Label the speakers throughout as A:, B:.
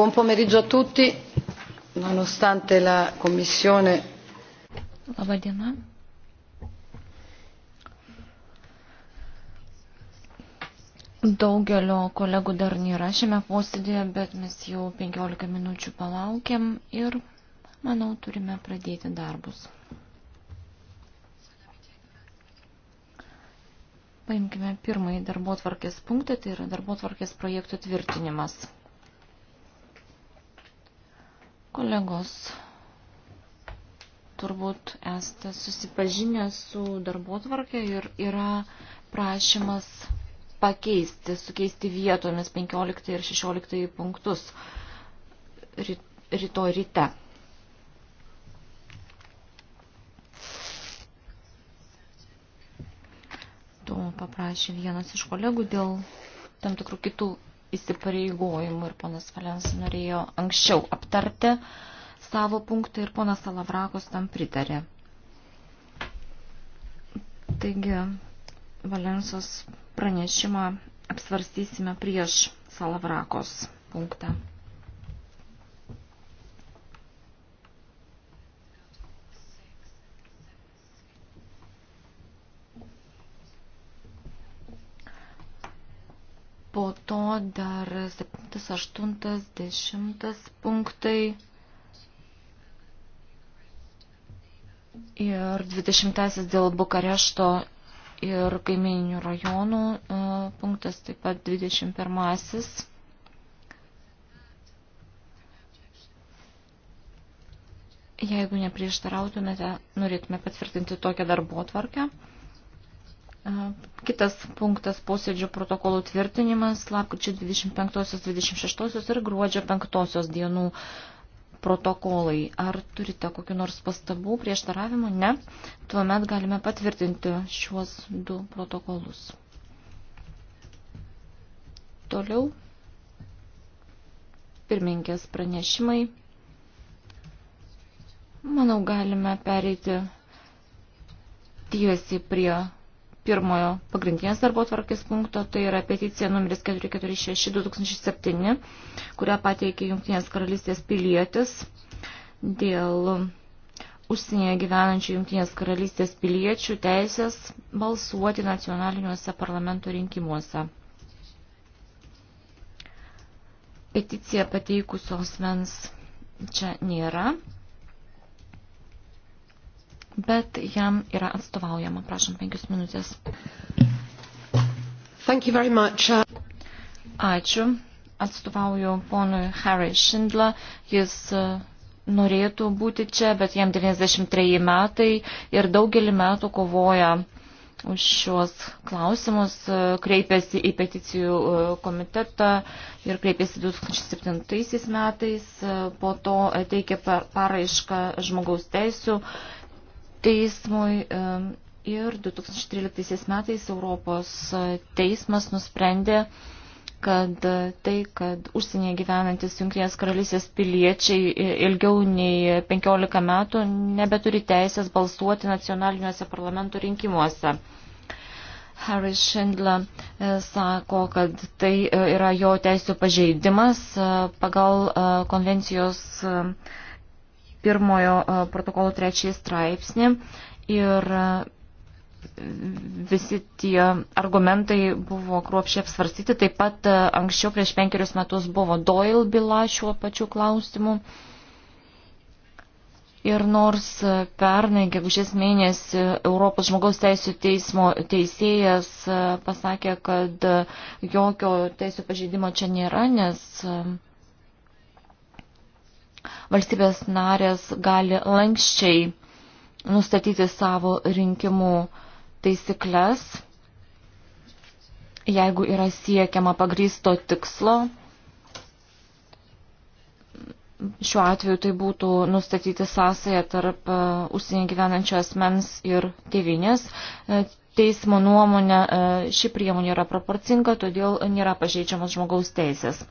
A: buon pomeriggio a tutti
B: nonostante la commissione laba diena Daugelio kolegų dar nėra šiame posėdėje, bet mes jau 15 minučių palaukėm ir, manau, turime pradėti darbus. Paimkime pirmąjį darbo tvarkės punktą, tai yra darbo tvarkės projektų tvirtinimas. Kolegos, turbūt esate susipažinę su darbotvarkė ir yra prašymas pakeisti, sukeisti vietomis 15 ir 16 punktus ryto ryte. To paprašė vienas iš kolegų dėl tam tikrų kitų įsipareigojimų ir ponas Valens norėjo anksčiau aptarti savo punktą ir ponas Salavrakos tam pritarė. Taigi, Valensos pranešimą apsvarstysime prieš Salavrakos punktą. Po to dar 7, 8, 10 punktai ir 20 dėl Bukarešto ir kaiminių rajonų e, punktas, taip pat 21. Jeigu neprieštarautumėte, norėtume patvirtinti tokią darbo tvarkę. Kitas punktas - posėdžių protokolų tvirtinimas lapkričio 25-26 ir gruodžio 5 dienų protokolai. Ar turite kokiu nors pastabų, prieštaravimų? Ne. Tuomet galime patvirtinti šiuos du protokolus. Toliau pirmininkės pranešimai. Manau, galime pereiti tiesiai prie pirmojo pagrindinės darbo tvarkės punkto, tai yra peticija numeris 446-2007, kurią pateikė Junktinės karalystės pilietis dėl užsienyje gyvenančių Junktinės karalystės piliečių teisės balsuoti nacionaliniuose parlamento rinkimuose. Peticiją pateikusios mens čia nėra bet jam yra atstovaujama. Prašom, penkius minutės. Thank you very much. Ačiū. Atstovauju ponui Harry Schindler. Jis e, norėtų būti čia, bet jam 93 metai ir daugelį metų kovoja už šios klausimus, e, kreipėsi į peticijų e, komitetą ir kreipėsi 2007 metais, po to teikė paraišką žmogaus teisų teismui ir 2013 metais Europos teismas nusprendė, kad tai, kad užsienyje gyvenantis Junktinės karalystės piliečiai ilgiau nei 15 metų nebeturi teisės balsuoti nacionaliniuose parlamento rinkimuose. Harris Schindler e, sako, kad tai e, yra jo teisų pažeidimas e, pagal konvencijos pirmojo e, protokolo trečiąjį straipsnį ir e, visi tie argumentai buvo kruopšiai apsvarstyti. Taip pat e, anksčiau prieš penkerius metus buvo Doyle byla šiuo pačiu klausimu. Ir nors pernai, gegužės mėnesį, Europos žmogaus teisų teismo teisėjas pasakė, kad jokio teisų pažeidimo čia nėra, nes valstybės narės gali lankščiai nustatyti savo rinkimų taisyklės, jeigu yra siekiama pagrysto tikslo. Šiuo atveju tai būtų nustatyti sąsąją tarp e, užsienį gyvenančio asmens ir tėvinės. E, teismo nuomonė e, ši priemonė yra proporcinga, todėl nėra pažeidžiamos žmogaus teisės.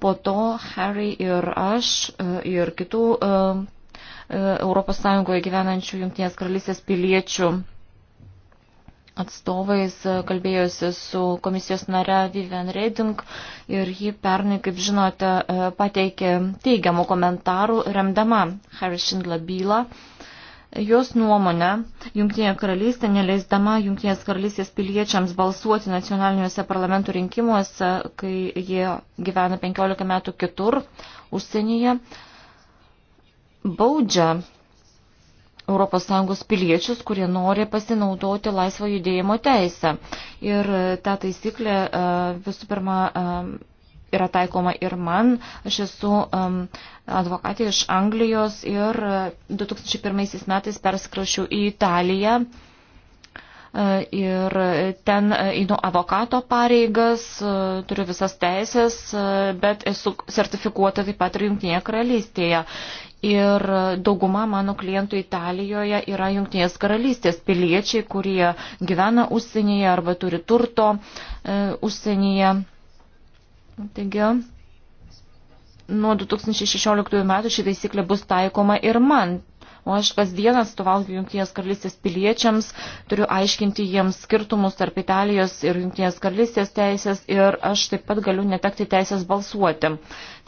B: Po to Harry ir aš e, ir kitų ES e, gyvenančių Junktinės karalystės piliečių atstovais e, kalbėjosi su komisijos nare Vivian Reding ir ji pernai, kaip žinote, pateikė teigiamų komentarų remdama Harry Schindler bylą. Jos nuomonė, Junktinė karalystė, neleisdama Junktinės karalystės piliečiams balsuoti nacionaliniuose parlamentų rinkimuose, kai jie gyvena 15 metų kitur, užsienyje, baudžia ES piliečius, kurie nori pasinaudoti laisvo judėjimo teisę. Ir ta taisyklė e, visų pirma e, yra taikoma ir man. Aš esu um, advokatė iš Anglijos ir 2001 uh, metais perskrašiau į Italiją. Uh, ir ten uh, einu avokato pareigas, turiu visas teisės, bet esu sertifikuota taip pat ir Junktinėje karalystėje. Ir dauguma mano klientų Italijoje yra Junktinės karalystės piliečiai, kurie gyvena užsienyje arba turi turto e, užsienyje. Taigi, nuo 2016 metų ši taisyklė bus taikoma ir man. O aš kasdien atstovauju Junktinės karalystės piliečiams, turiu aiškinti jiems skirtumus tarp Italijos ir Junktinės karalystės teisės ir aš taip pat galiu netekti teisės balsuoti.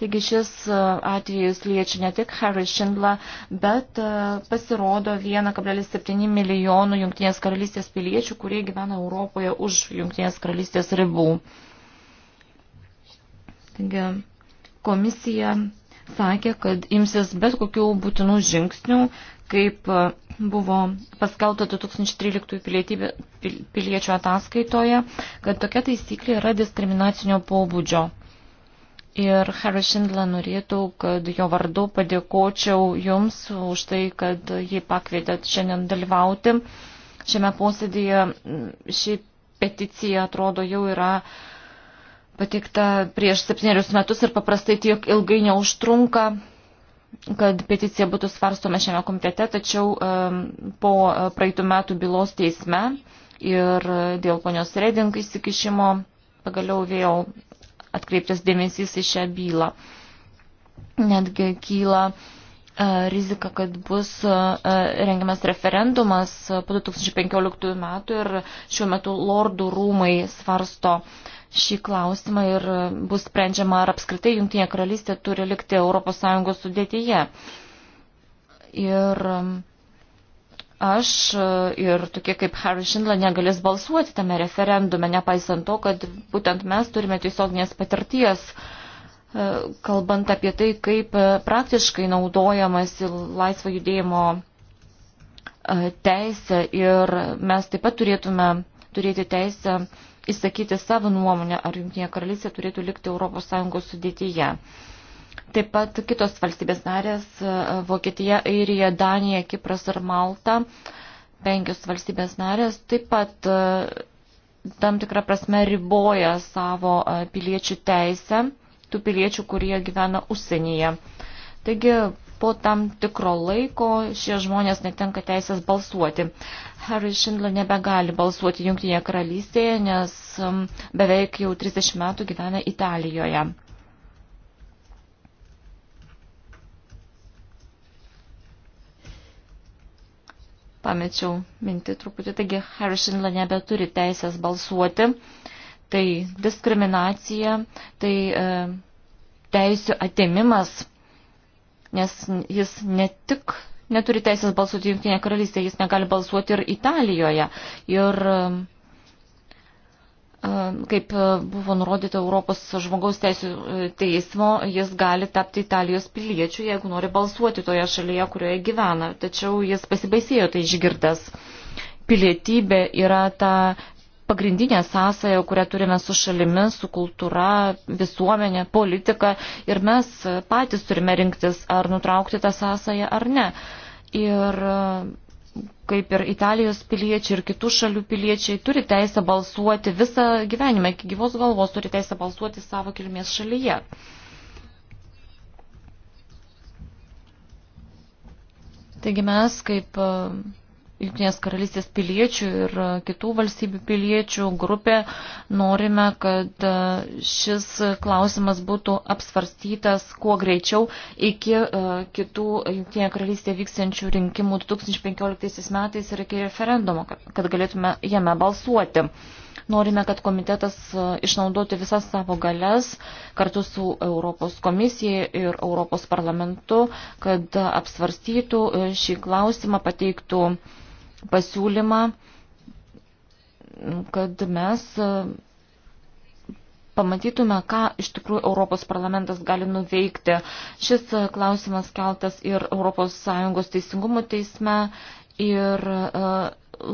B: Taigi šis e, atvejis liečia ne tik Harry Schindler, bet e, pasirodo 1,7 milijonų Junktinės karalystės piliečių, kurie gyvena Europoje už Junktinės karalystės ribų. Taigi komisija sakė, kad imsis bet kokių būtinų žingsnių, kaip e, buvo paskelbta 2013 pilietybė, piliečių ataskaitoje, kad tokia taisyklė yra diskriminacinio pobūdžio. Ir Harry Schindler norėtų, kad jo vardu padėkočiau Jums už tai, kad jį pakvietėt šiandien dalyvauti. Šiame posėdėje ši peticija atrodo jau yra uh, pateikta prieš septynerius metus ir paprastai tiek ilgai neužtrunka kad peticija būtų svarstoma šiame komitete, tačiau po e, praeitų metų bylos teisme ir dėl ponios Reding įsikišimo pagaliau vėl atkreiptas dėmesys į šią bylą. Netgi kyla e, rizika, kad bus e, rengiamas referendumas po 2015 metų ir šiuo metu lordų rūmai svarsto uh, šį klausimą ir e, bus sprendžiama, ar apskritai Junktinė karalystė turi likti ES sudėtyje. Ir e, aš e, ir tokie kaip Harry Schindler negalės balsuoti tame referendume, nepaisant to, kad būtent mes turime tiesioginės patirties, kalbant apie tai, kaip praktiškai naudojamas laisvo judėjimo teisę ir mes taip pat turėtume turėti teisę įsakyti savo nuomonę, ar Junktinė karalystė turėtų likti ES sudėtyje. Taip pat kitos valstybės narės e, - Vokietija, Airija, Danija, Kipras ir Malta - penkios valstybės narės taip pat e, tam tikrą prasme riboja savo e, piliečių teisę, tų piliečių, kurie gyvena užsienyje. Taigi po tam tikro laiko šie žmonės netenka teisės balsuoti. Harry Schindler nebegali balsuoti Junktinėje karalystėje, nes um, beveik jau 30 metų gyvena Italijoje. Pamečiau mintį truputį, taigi Harry Schindler nebeturi teisės balsuoti. Tai diskriminacija, tai e, teisų atėmimas nes jis ne tik neturi teisės balsuoti Junktinėje karalystėje, jis negali balsuoti ir Italijoje. Ir e, kaip buvo nurodyta Europos žmogaus teisų e, teismo, jis gali tapti Italijos piliečiu, jeigu nori balsuoti toje šalyje, kurioje gyvena. Tačiau jis pasibaisėjo tai išgirdęs. Pilietybė yra ta pagrindinė sąsaja, kurią turime su šalimi, su kultūra, visuomenė, politika ir mes patys turime rinktis, ar nutraukti tą sąsają ar ne. Ir kaip ir Italijos piliečiai ir kitų šalių piliečiai turi teisę balsuoti visą gyvenimą, iki gyvos galvos turi teisę balsuoti savo kilmės šalyje. Taigi mes kaip Junktinės karalystės piliečių ir kitų valstybių piliečių grupė norime, kad e, šis klausimas būtų apsvarstytas kuo greičiau iki e, kitų Junktinėje karalystėje vyksiančių rinkimų 2015 metais ir iki referendumo, kad galėtume jame balsuoti. Norime, kad komitetas e, išnaudotų visas savo galias kartu su Europos komisija ir Europos parlamentu, kad apsvarstytų šį klausimą, pateiktų pasiūlymą, kad mes e, pamatytume, ką iš tikrųjų Europos parlamentas gali nuveikti. Šis e, klausimas keltas ir ES teisingumo teisme ir e,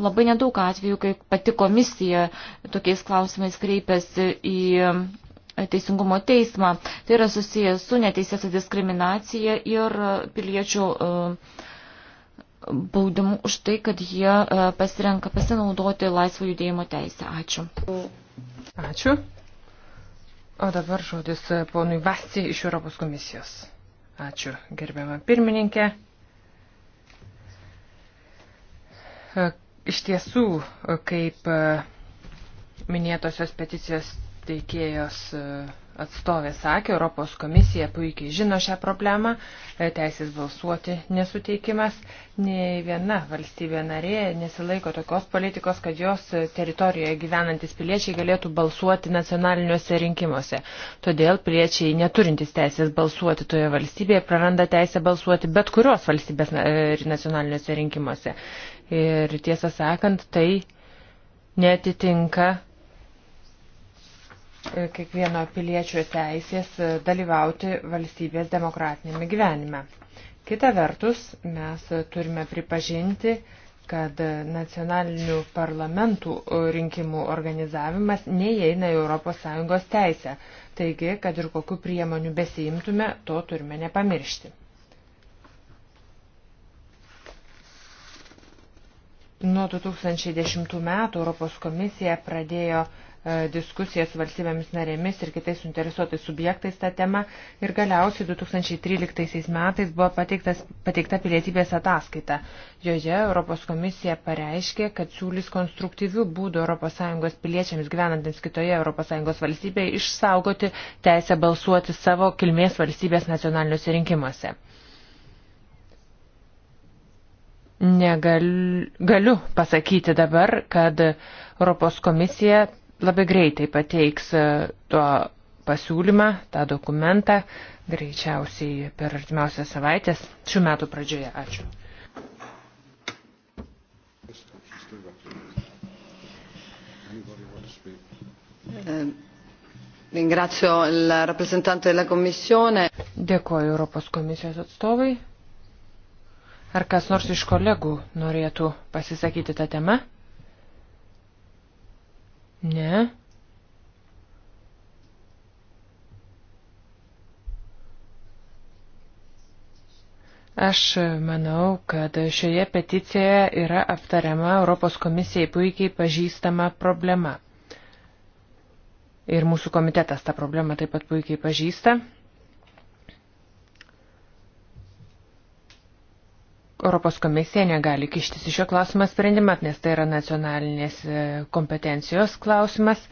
B: labai nedaug atvejų, kai pati komisija tokiais klausimais kreipiasi į Teisingumo teismą. Tai yra susijęs su neteisėta diskriminacija ir piliečių uh, baudimų už tai, kad jie e, pasirenka pasinaudoti laisvo judėjimo teisę. Ačiū. Ačiū. O dabar
C: žodis e, ponui Vasi iš Europos komisijos. Ačiū, gerbiama
B: pirmininkė.
C: E, iš tiesų, kaip minėtosios peticijos teikėjos atstovė sakė, Europos komisija puikiai žino šią problemą, e, teisės balsuoti nesuteikimas, nei viena valstybė narė nesilaiko tokios politikos, kad jos teritorijoje gyvenantis piliečiai galėtų balsuoti nacionaliniuose rinkimuose. Todėl piliečiai neturintys teisės balsuoti toje valstybėje praranda teisę balsuoti bet kurios valstybės e, nacionaliniuose rinkimuose. Ir tiesą sakant, tai netitinka E, kiekvieno piliečio teisės e, dalyvauti valstybės demokratinėme gyvenime. Kita vertus, mes turime pripažinti, kad nacionalinių parlamentų e, rinkimų organizavimas neįeina į ES teisę. Taigi, kad ir kokiu priemonių besiimtume, to turime nepamiršti. Nuo 2010 metų Europos komisija pradėjo E, diskusiją su valstybėmis narėmis ir kitais suinteresuotais subjektais tą temą. Ir galiausiai 2013 metais buvo pateiktas, pateikta pilietybės ataskaita. Joje Europos komisija pareiškė, kad siūlys konstruktyvių būdų ES piliečiams gyvenantiems kitoje ES valstybėje išsaugoti teisę balsuoti savo kilmės valstybės nacionaliniuose rinkimuose. Negaliu pasakyti dabar, kad Europos komisija labai greitai pateiks e, tuo pasiūlymą, tą dokumentą, greičiausiai per artimiausias savaitės šių metų pradžioje. Ačiū. Eh, Dėkoju Europos komisijos atstovai. Ar kas nors iš kolegų norėtų pasisakyti tą temą? Ne. Aš manau, kad šioje peticijoje yra aptariama Europos komisijai puikiai pažįstama problema. Ir mūsų komitetas tą problemą taip pat puikiai pažįsta. Europos komisija negali kištis į šio klausimą sprendimą, nes tai yra nacionalinės e, kompetencijos klausimas.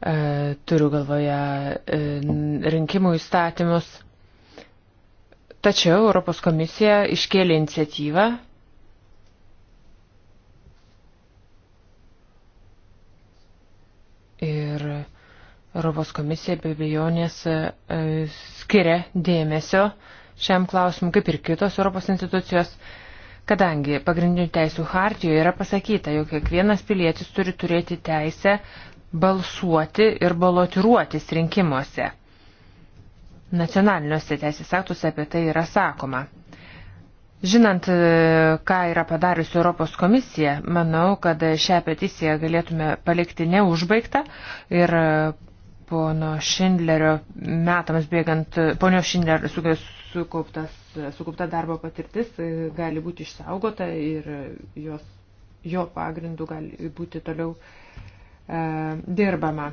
C: E, turiu galvoje e, rinkimų įstatymus. Tačiau Europos komisija iškėlė iniciatyvą ir Europos komisija be bejonės skiria dėmesio uh, šiam klausimui, kaip ir kitos Europos institucijos, kadangi pagrindinių teisų hartijoje yra pasakyta, jog kiekvienas pilietis turi turėti teisę balsuoti ir balotiruotis rinkimuose. Nacionaliniuose teisės aktuose apie tai yra sakoma. Žinant, e, ką yra padariusi Europos komisija, manau, kad šią peticiją galėtume palikti neužbaigtą ir e, pono Šindlerio metams bėgant, e, ponio Šindlerio sukaupta darbo patirtis e, gali būti išsaugota ir jos, jo pagrindu gali būti toliau e, dirbama.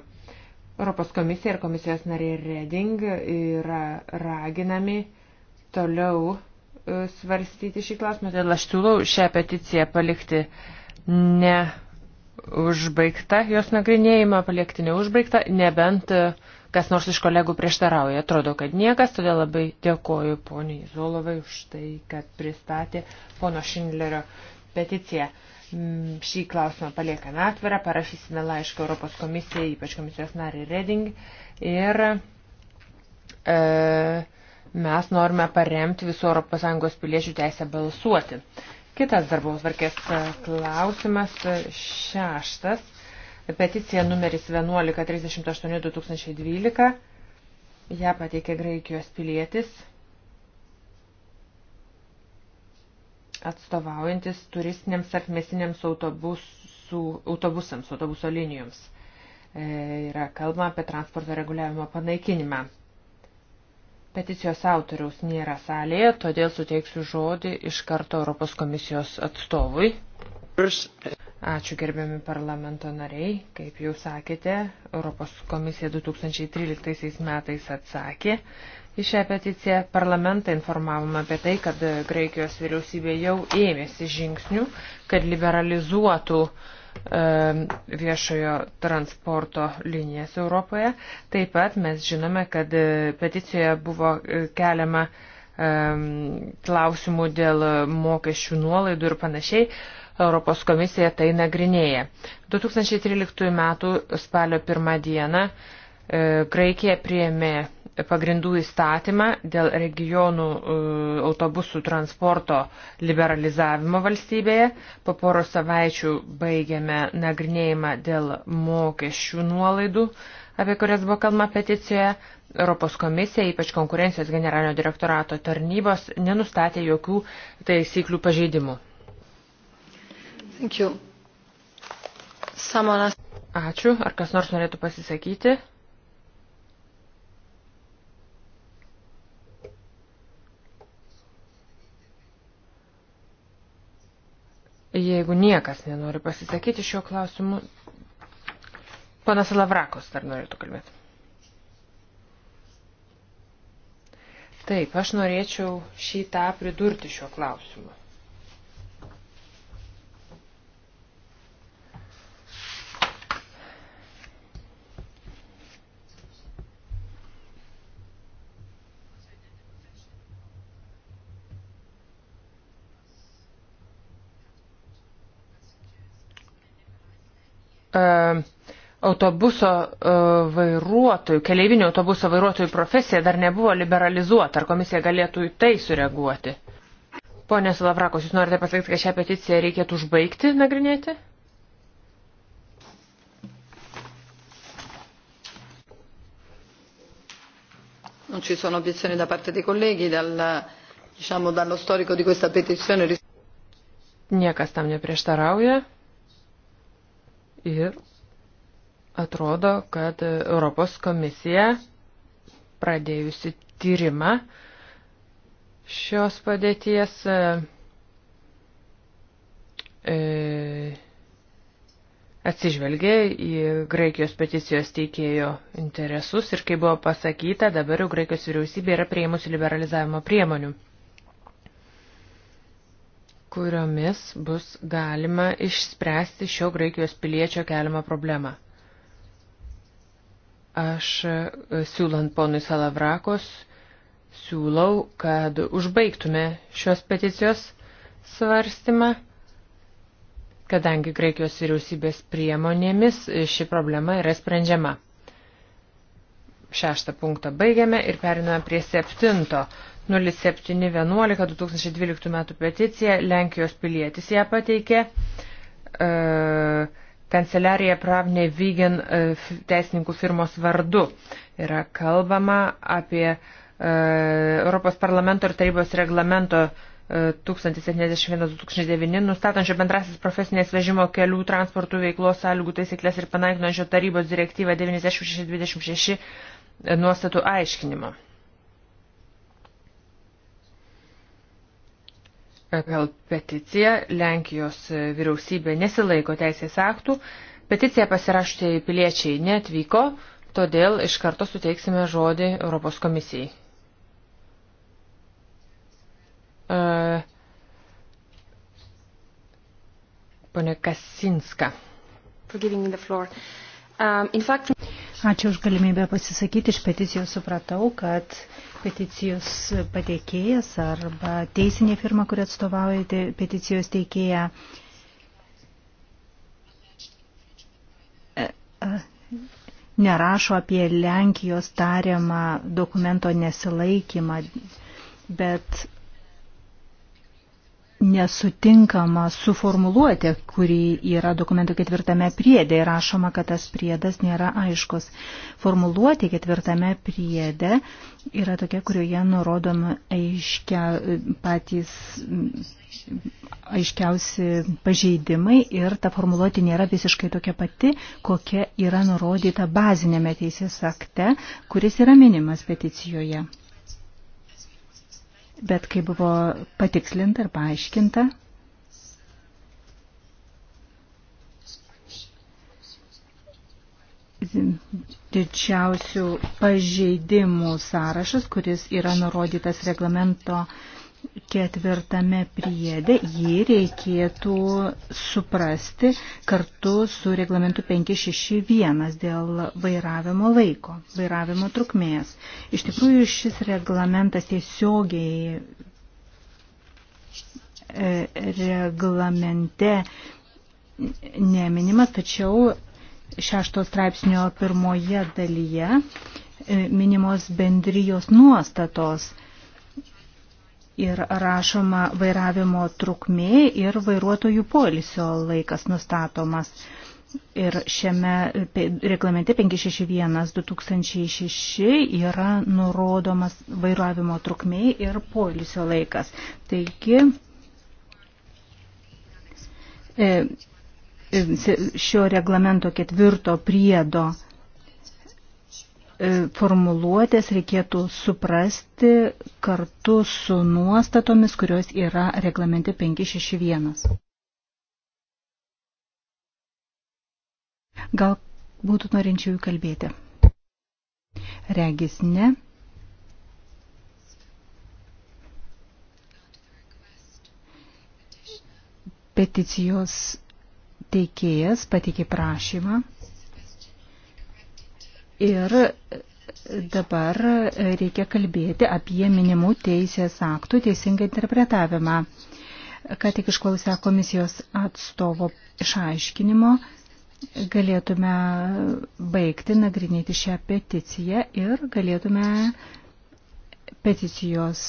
C: Europos komisija ir komisijos nariai Reding yra raginami toliau e, svarstyti šį klausimą. Todėl aš siūlau šią peticiją palikti ne užbaigta, jos nagrinėjimą palikti neužbaigta, nebent uh, Kas nors iš kolegų prieštarauja, atrodo, kad niekas, todėl labai dėkoju poniai Zolovai už tai, kad pristatė pono Šindlerio peticiją. Mm, šį klausimą paliekame atvirą, parašysime laišką Europos komisijai, ypač komisijos nariai Reding. Ir e, mes norime paremti visų ES piliečių teisę balsuoti. Kitas darbos varkės e, klausimas e, šeštas Peticija numeris 1138-2012. Ja pateikė Graikijos pilietis, atstovaujantis turistiniams tarpmesiniams autobusų, autobusams, autobuso linijoms. E, yra kalbama apie transporto reguliavimo panaikinimą. Peticijos autoriaus nėra salėje, todėl suteiksiu žodį iš karto Europos komisijos atstovui. First, Ačiū gerbiami parlamento nariai. Kaip jau sakėte, Europos komisija 2013 metais atsakė į šią peticiją. Parlamentą informavome apie tai, kad Graikijos vyriausybė jau ėmėsi žingsnių, kad liberalizuotų e, viešojo transporto linijas Europoje. Taip pat mes žinome, kad e, peticijoje buvo e, keliama klausimų dėl mokesčių nuolaidų ir panašiai Europos komisija tai nagrinėja. 2013 m. spalio 1 dieną e, Graikija priėmė pagrindų įstatymą dėl regionų e, autobusų transporto liberalizavimo valstybėje. Po poro savaičių baigėme nagrinėjimą dėl mokesčių nuolaidų, apie kurias buvo kalma peticijoje. Europos komisija, ypač konkurencijos generalinio direktorato tarnybos, nenustatė jokių taisyklių pažeidimų. Thank you. Someone... Ačiū. Ar kas nors norėtų pasisakyti? Jeigu niekas nenori pasisakyti šiuo klausimu, ponas Lavrakos dar norėtų kalbėti. Taip, aš norėčiau šitą pridurti šiuo klausimu. E, autobuso e, vairuotojų, keleivinio autobuso vairuotojų profesija dar nebuvo liberalizuota. Ar komisija galėtų į tai sureaguoti? Pone Salavrakos, jūs norite pasakyti, kad šią peticiją reikėtų užbaigti nagrinėti?
A: Non ci sono obiezioni da parte dei colleghi, dal, diciamo, dallo storico di questa petizione.
C: Niekas tam neprieštarauja. Ir atrodo, kad Europos komisija pradėjusi tyrimą šios padėties e, e, atsižvelgė į Graikijos peticijos teikėjo interesus ir, kaip buvo pasakyta, dabar jau Graikijos vyriausybė yra prieimusi liberalizavimo priemonių kuriomis bus galima išspręsti šio Graikijos piliečio keliamą problemą. Aš e, siūlant ponui Salavrakos, siūlau, kad užbaigtume šios peticijos svarstymą, kadangi Graikijos vyriausybės priemonėmis ši problema yra sprendžiama. Šeštą punktą baigiame ir periname prie septinto. 0711-2012 metų peticiją, Lenkijos pilietis ją pateikė, e, kanceliarija Pravne Vygen e, teisininkų firmos vardu. Yra kalbama apie e, Europos parlamento ir tarybos reglamento 1071-2009 nustatančio bendrasis profesinės vežimo kelių transportų veiklos sąlygų taisyklės ir panaikinančio tarybos direktyvą 9626 nuostatų aiškinimo. Gal peticija, Lenkijos vyriausybė nesilaiko teisės aktų, peticiją pasirašyti piliečiai neatvyko, todėl iš karto suteiksime žodį Europos komisijai. E, Pone Kasinska.
B: Um,
C: fact... Ačiū už galimybę pasisakyti.
A: Iš peticijos supratau, kad peticijos pateikėjas arba teisinė firma, kuri atstovaujate peticijos teikėją, nerašo apie Lenkijos tariamą dokumento nesilaikymą, bet nesutinkama suformuluoti, kuri yra dokumento ketvirtame priedė. Rašoma, kad tas priedas nėra aiškus. Formuluoti ketvirtame priedė yra tokia, kurioje nurodoma aiškia, patys aiškiausi pažeidimai ir ta formuluoti nėra visiškai tokia pati, kokia yra nurodyta bazinėme teisės akte, kuris yra minimas peticijoje bet kai buvo patikslinta ir paaiškinta, didžiausių pažeidimų sąrašas, kuris yra nurodytas reglamento ketvirtame priedė jį reikėtų suprasti kartu su reglamentu 561 dėl vairavimo laiko, vairavimo trukmės. Iš tikrųjų šis reglamentas tiesiogiai e, reglamente neminimas, tačiau šešto straipsnio pirmoje dalyje e, minimos bendrijos nuostatos – ir rašoma vairavimo trukmė ir vairuotojų polisio laikas nustatomas. Ir šiame reglamente 561-2006 yra nurodomas vairavimo trukmė ir polisio laikas. Taigi, e, e, šio reglamento ketvirto priedo E, formuluotės reikėtų suprasti kartu su nuostatomis, kurios yra reglamente 561. Gal būtų norinčių jų kalbėti? Regis ne. Peticijos teikėjas patikė prašymą Ir dabar reikia kalbėti apie minimų teisės aktų teisingą interpretavimą. Ką tik išklausę komisijos atstovo išaiškinimo, galėtume baigti nagrinėti šią peticiją ir galėtume peticijos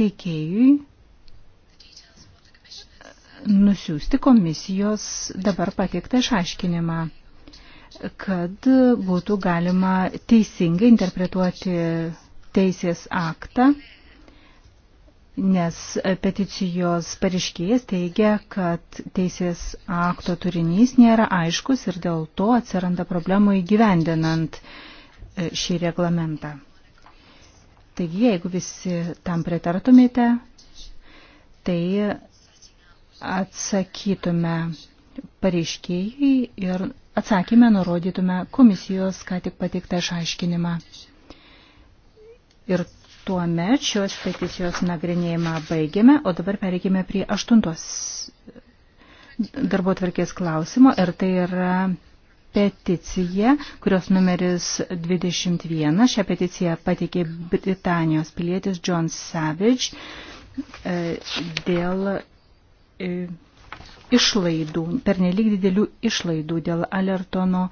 A: teikėjui nusiųsti komisijos dabar pateiktą išaiškinimą kad būtų galima teisingai interpretuoti teisės aktą, nes peticijos pareiškėjas teigia, kad teisės akto turinys nėra aiškus ir dėl to atsiranda problemų įgyvendinant e, šį reglamentą. Taigi, jeigu visi tam pritartumėte, tai atsakytume pareiškėjai ir atsakymę nurodytume komisijos ką tik pateiktą išaiškinimą. Ir tuo met šios peticijos nagrinėjimą baigėme, o dabar pereikime prie aštuntos darbo tvarkės klausimo. Ir tai yra peticija, kurios numeris 21. Šią peticiją pateikė Britanijos pilietis John Savage e, dėl e, išlaidų, pernelyg didelių išlaidų dėl Alertono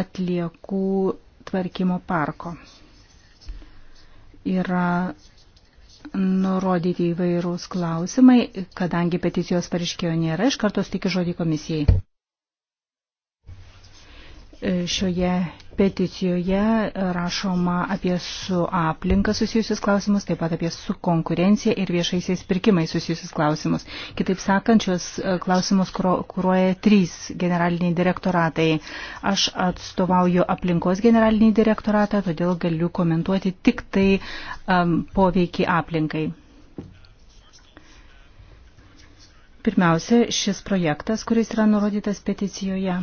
A: atliekų tvarkymo parko. Yra nurodyti įvairūs klausimai, kadangi peticijos pareiškėjo nėra, iš karto stikiu žodį komisijai. Šioje Peticijoje rašoma apie su aplinka susijusius klausimus, taip pat apie su konkurencija ir viešaisiais pirkimais susijusius klausimus. Kitaip sakant, šios e, klausimus kūruoja trys generaliniai direktoratai. Aš atstovauju aplinkos generalinį direktoratą, todėl galiu komentuoti tik tai um, poveikį aplinkai. Pirmiausia, šis projektas, kuris yra nurodytas peticijoje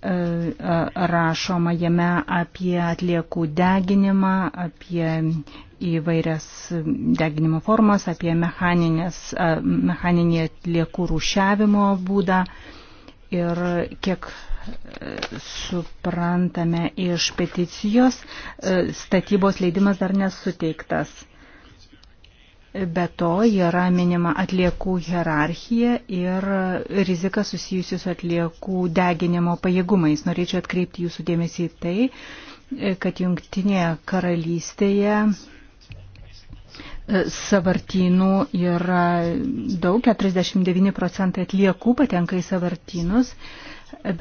A: E, rašoma jame apie atliekų deginimą, apie įvairias deginimo formas, apie mechaninį atliekų rūšiavimo būdą. Ir kiek e, suprantame iš peticijos, e, statybos leidimas dar nesuteiktas. Be to yra minima atliekų hierarchija ir rizika susijusi su atliekų deginimo pajėgumais. Norėčiau atkreipti jūsų dėmesį į tai, kad jungtinėje karalystėje e, savartynų yra daug, 49 procentai atliekų patenka į savartynus,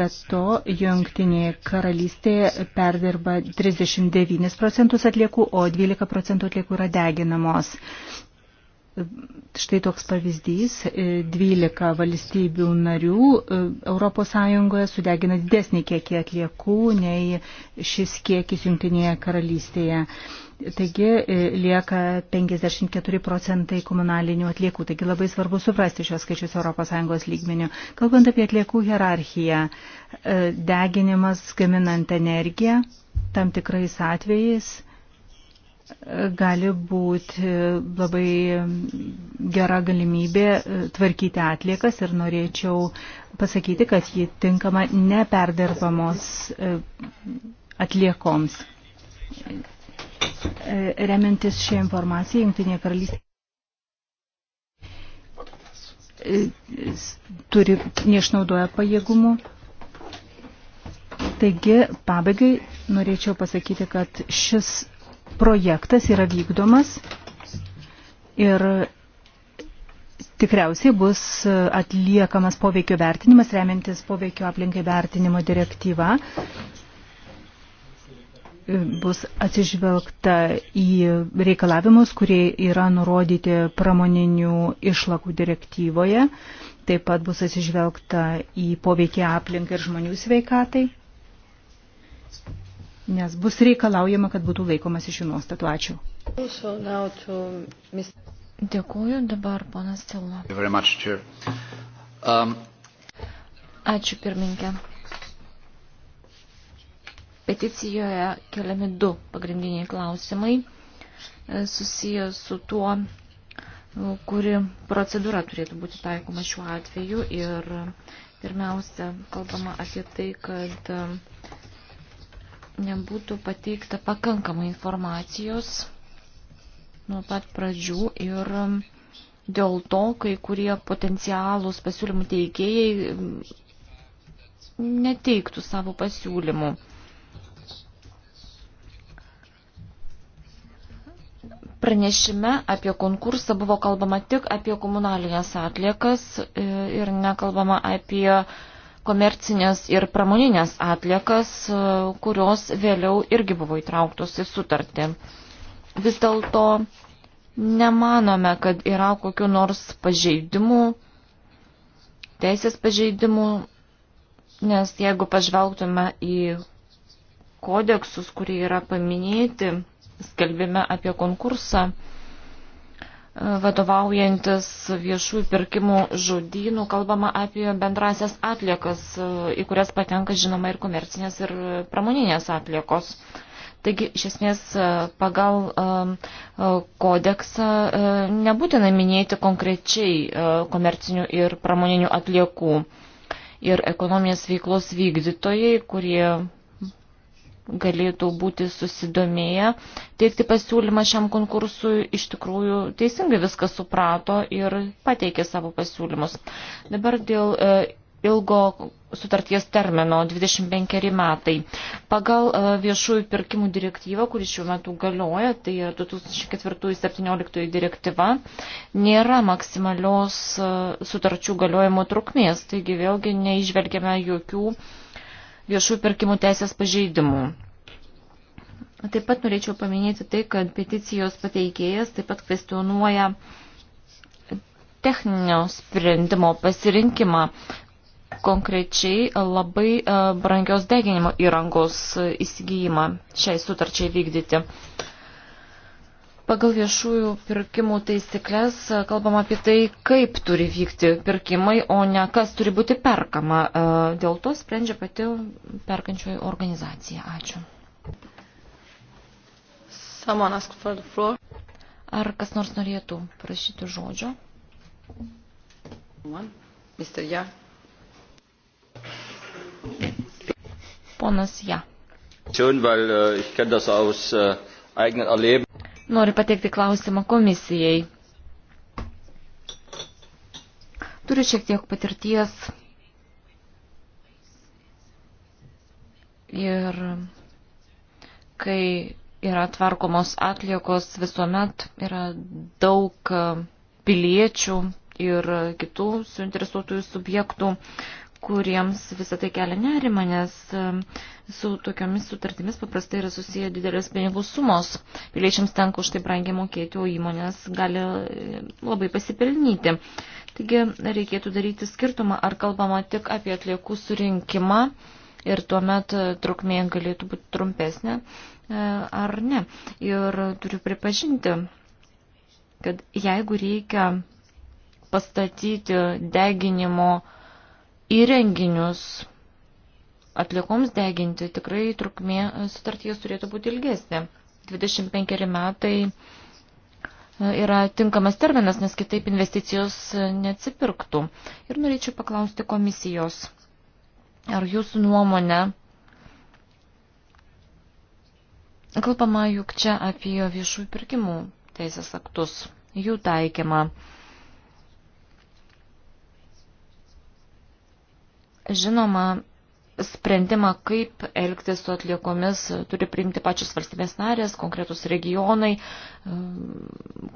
A: bet to jungtinėje karalystėje perdirba 39 procentus atliekų, o 12 procentų atliekų yra deginamos. Štai toks pavyzdys, 12 e, valstybių narių ES sudegina didesnį kiekį atliekų nei šis kiekis Junktinėje karalystėje. Taigi e, lieka 54 procentai komunalinių atliekų. Taigi labai svarbu suprasti šios skaičius ES lygmenių. Kalbant apie atliekų hierarchiją, e, deginimas gaminant energiją tam tikrais atvejais gali būti e, labai gera galimybė e, tvarkyti atliekas ir norėčiau pasakyti, kad ji tinkama neperdirbamos e, atliekoms. Remiantis šią informaciją, Junktinė karalystė turi neišnaudoja pajėgumų. Taigi, pabaigai norėčiau pasakyti, kad šis projektas yra vykdomas ir tikriausiai bus atliekamas poveikio vertinimas, remiantis poveikio aplinkai vertinimo direktyva. Bus atsižvelgta į reikalavimus, kurie yra nurodyti pramoninių išlakų direktyvoje. Taip pat bus atsižvelgta į poveikį aplinkai ir žmonių sveikatai nes bus reikalaujama, kad būtų laikomas iš jų nuostatų. Ačiū.
B: Dėkuoju dabar, ponas Tilma. Um... Ačiū, pirminkė. Peticijoje keliami du pagrindiniai klausimai e, susijęs su tuo, e, kuri procedūra turėtų būti taikoma šiuo atveju ir pirmiausia kalbama apie tai, kad e, nebūtų pateikta pakankamai informacijos nuo pat pradžių ir dėl to kai kurie potencialūs pasiūlymų teikėjai mm, neteiktų savo pasiūlymų. Pranešime apie konkursą buvo kalbama tik apie komunalinės atliekas e, ir nekalbama apie uh, komercinės ir pramoninės atliekas, e, kurios vėliau irgi buvo įtrauktos į sutartį. Vis dėlto nemanome, kad yra kokiu nors pažeidimu, teisės pažeidimu, nes jeigu pažvelgtume į kodeksus, kurie yra paminėti, skelbime apie konkursą, vadovaujantis viešųjų pirkimų žodynų, kalbama apie bendrasias atliekas, į kurias patenka žinoma ir komercinės ir pramoninės atliekos. Taigi, iš esmės, pagal um, kodeksą uh, nebūtina minėti konkrečiai uh, komercinių ir pramoninių atliekų. Ir ekonominės veiklos vykdytojai, kurie galėtų būti susidomėję teikti pasiūlymą šiam konkursui, iš tikrųjų teisingai viską suprato ir pateikė savo pasiūlymus. Dabar dėl e, ilgo sutarties termino 25 metai. Pagal e, viešųjų pirkimų direktyvą, kuri šiuo metu galioja, tai yra 2004-2017 direktyva, nėra maksimalios e, sutarčių galiojimo trukmės, taigi vėlgi neižvelgiame jokių uh, viešų pirkimų teisės pažeidimų. Taip pat norėčiau paminėti tai, kad peticijos pateikėjas taip pat kvestionuoja techninio sprendimo pasirinkimą konkrečiai labai e, brangios deginimo įrangos e, įsigijimą šiai sutarčiai vykdyti. Pagal viešųjų pirkimų taisyklės e, kalbam apie tai, kaip turi vykti pirkimai, o ne kas turi būti perkama. E, dėl to sprendžia pati perkančioji organizacija. Ačiū. Ar kas nors norėtų prašyti žodžio?
A: Mr. Ja.
B: Ponas Ja.
C: Schön, weil äh, ich kenne das aus äh, eigenen Erleben.
B: Noriu pateikti klausimą komisijai. Turiu šiek tiek patirties ir kai yra tvarkomos atliekos, visuomet yra daug piliečių ir kitų suinteresuotųjų subjektų, kuriems visą tai kelia nerima, nes su tokiomis sutartimis paprastai yra susiję didelės pinigų sumos. Piliečiams tenka už tai brangiai mokėti, o įmonės gali labai pasipelnyti. Taigi reikėtų daryti skirtumą, ar kalbama tik apie atliekų surinkimą ir tuomet e, trukmė galėtų būti trumpesnė, e, ar ne. Ir turiu pripažinti, kad jeigu reikia pastatyti deginimo įrenginius atliekoms deginti, tikrai trukmė sutarties turėtų būti ilgesnė. 25 metai e, yra tinkamas terminas, nes kitaip investicijos e, neatsipirktų. Ir norėčiau paklausti komisijos, ar jūsų nuomonė, kalbama juk čia apie viešųjų pirkimų teisės aktus, jų taikymą. Žinoma, sprendimą, kaip elgtis su atliekomis, turi priimti pačios valstybės narės, konkretus regionai, e,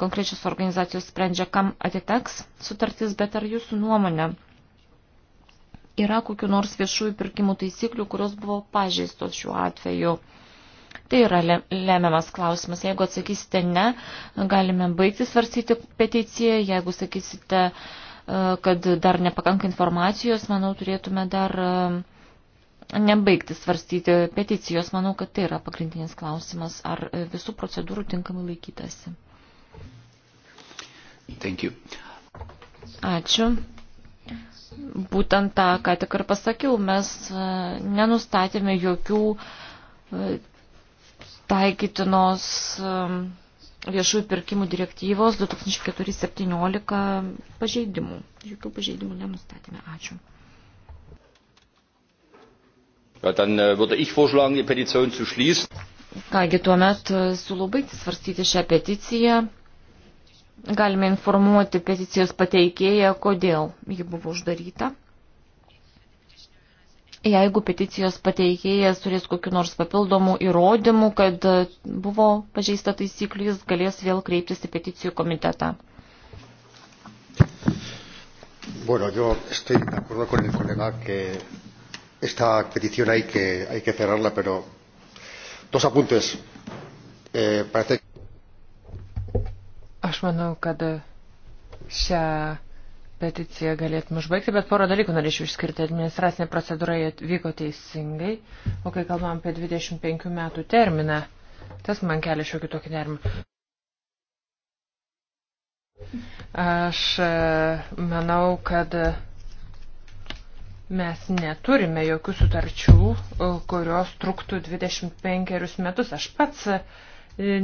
B: konkrečios organizacijos sprendžia, kam atiteks sutartis, bet ar jūsų nuomonė yra kokiu nors viešųjų pirkimų taisyklių, kurios buvo pažeistos šiuo atveju? Tai yra lemiamas klausimas. Jeigu atsakysite ne, galime baigti svarstyti peticiją. Jeigu sakysite uh, E, kad dar nepakanka informacijos, manau, turėtume dar e, nebaigti svarstyti peticijos. Manau, kad tai yra pagrindinis klausimas, ar e, visų procedūrų tinkamai laikytasi. Thank you. Ačiū. Būtent tą, ką tik ir pasakiau, mes nenustatėme jokių taikytinos viešųjų pirkimų direktyvos 2417 pažeidimų. Jokių pažeidimų nenustatėme. Ačiū.
C: Ja, dann äh, würde ich vorschlagen, die Petition zu schließen.
B: Kągi, tuomet äh, siūlau baigti svarstyti šią peticiją. Galime informuoti peticijos pateikėją, kodėl ji buvo uždaryta jeigu peticijos pateikėjas turės kokiu nors papildomų įrodymų, kad e, buvo pažeista taisyklių, jis galės vėl kreiptis į peticijų komitetą.
C: Bueno, yo estoy de acuerdo con el colega que esta petición hay que, hay que cerrarla, pero dos apuntes. Eh, parece... Aš manau, kad e, šią peticiją galėtume užbaigti, bet porą dalykų norėčiau išskirti. Administracinė procedūra vyko teisingai, o kai kalbam apie 25 metų terminą, tas man kelia šiokį tokį nerimą. Aš e, manau, kad mes neturime jokių sutarčių, e, kurios truktų 25 metus. Aš pats e,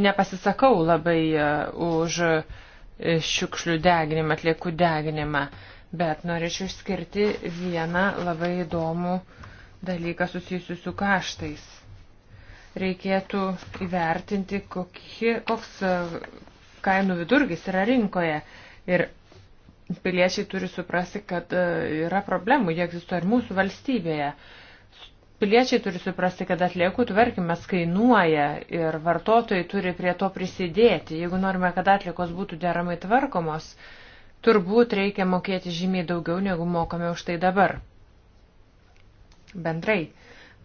C: nepasisakau labai už E, šiukšlių deginimą, atliekų deginimą, bet norėčiau išskirti vieną labai įdomų dalyką susijusiu su kaštais. Reikėtų įvertinti, kokie, koks e, kainų vidurgis yra rinkoje ir piliečiai turi suprasti, kad e, yra problemų, jie egzistuoja ir mūsų valstybėje. Piliečiai turi suprasti, kad atliekų tvarkymas kainuoja ir vartotojai turi prie to prisidėti. Jeigu norime, kad atliekos būtų deramai tvarkomos, turbūt reikia mokėti žymiai daugiau, negu mokame už tai dabar. Bendrai,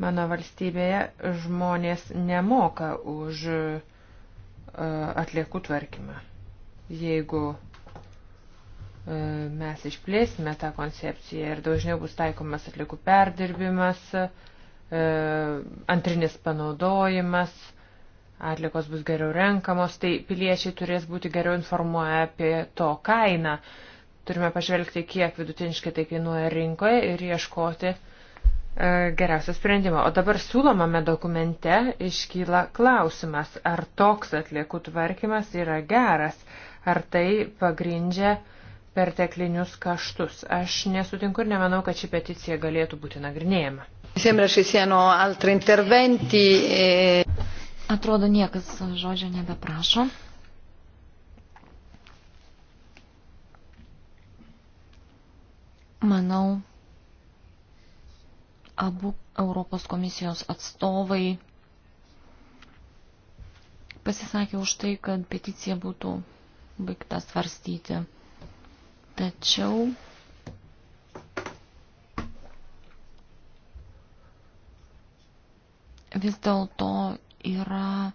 C: mano valstybėje žmonės nemoka už e, atliekų tvarkymą. Jeigu e, mes išplėsime tą koncepciją ir dažniau bus taikomas atliekų perdirbimas, E, antrinis panaudojimas, atlikos bus geriau renkamos, tai piliečiai turės būti geriau informuoję apie to kainą. Turime pažvelgti, kiek vidutiniškai tai kainuoja rinkoje ir ieškoti e, geriausią sprendimą. O dabar siūlomame dokumente iškyla klausimas, ar toks atliekų tvarkymas yra geras, ar tai pagrindžia perteklinius kaštus. Aš nesutinku ir nemanau, kad ši peticija galėtų būti nagrinėjama.
B: Sembra ci siano altri interventi. E... Atrodo, niekas žodžio nebeprašo. Manau, abu Europos komisijos atstovai pasisakė už tai, kad peticija būtų baigta svarstyti. Tačiau vis dėlto yra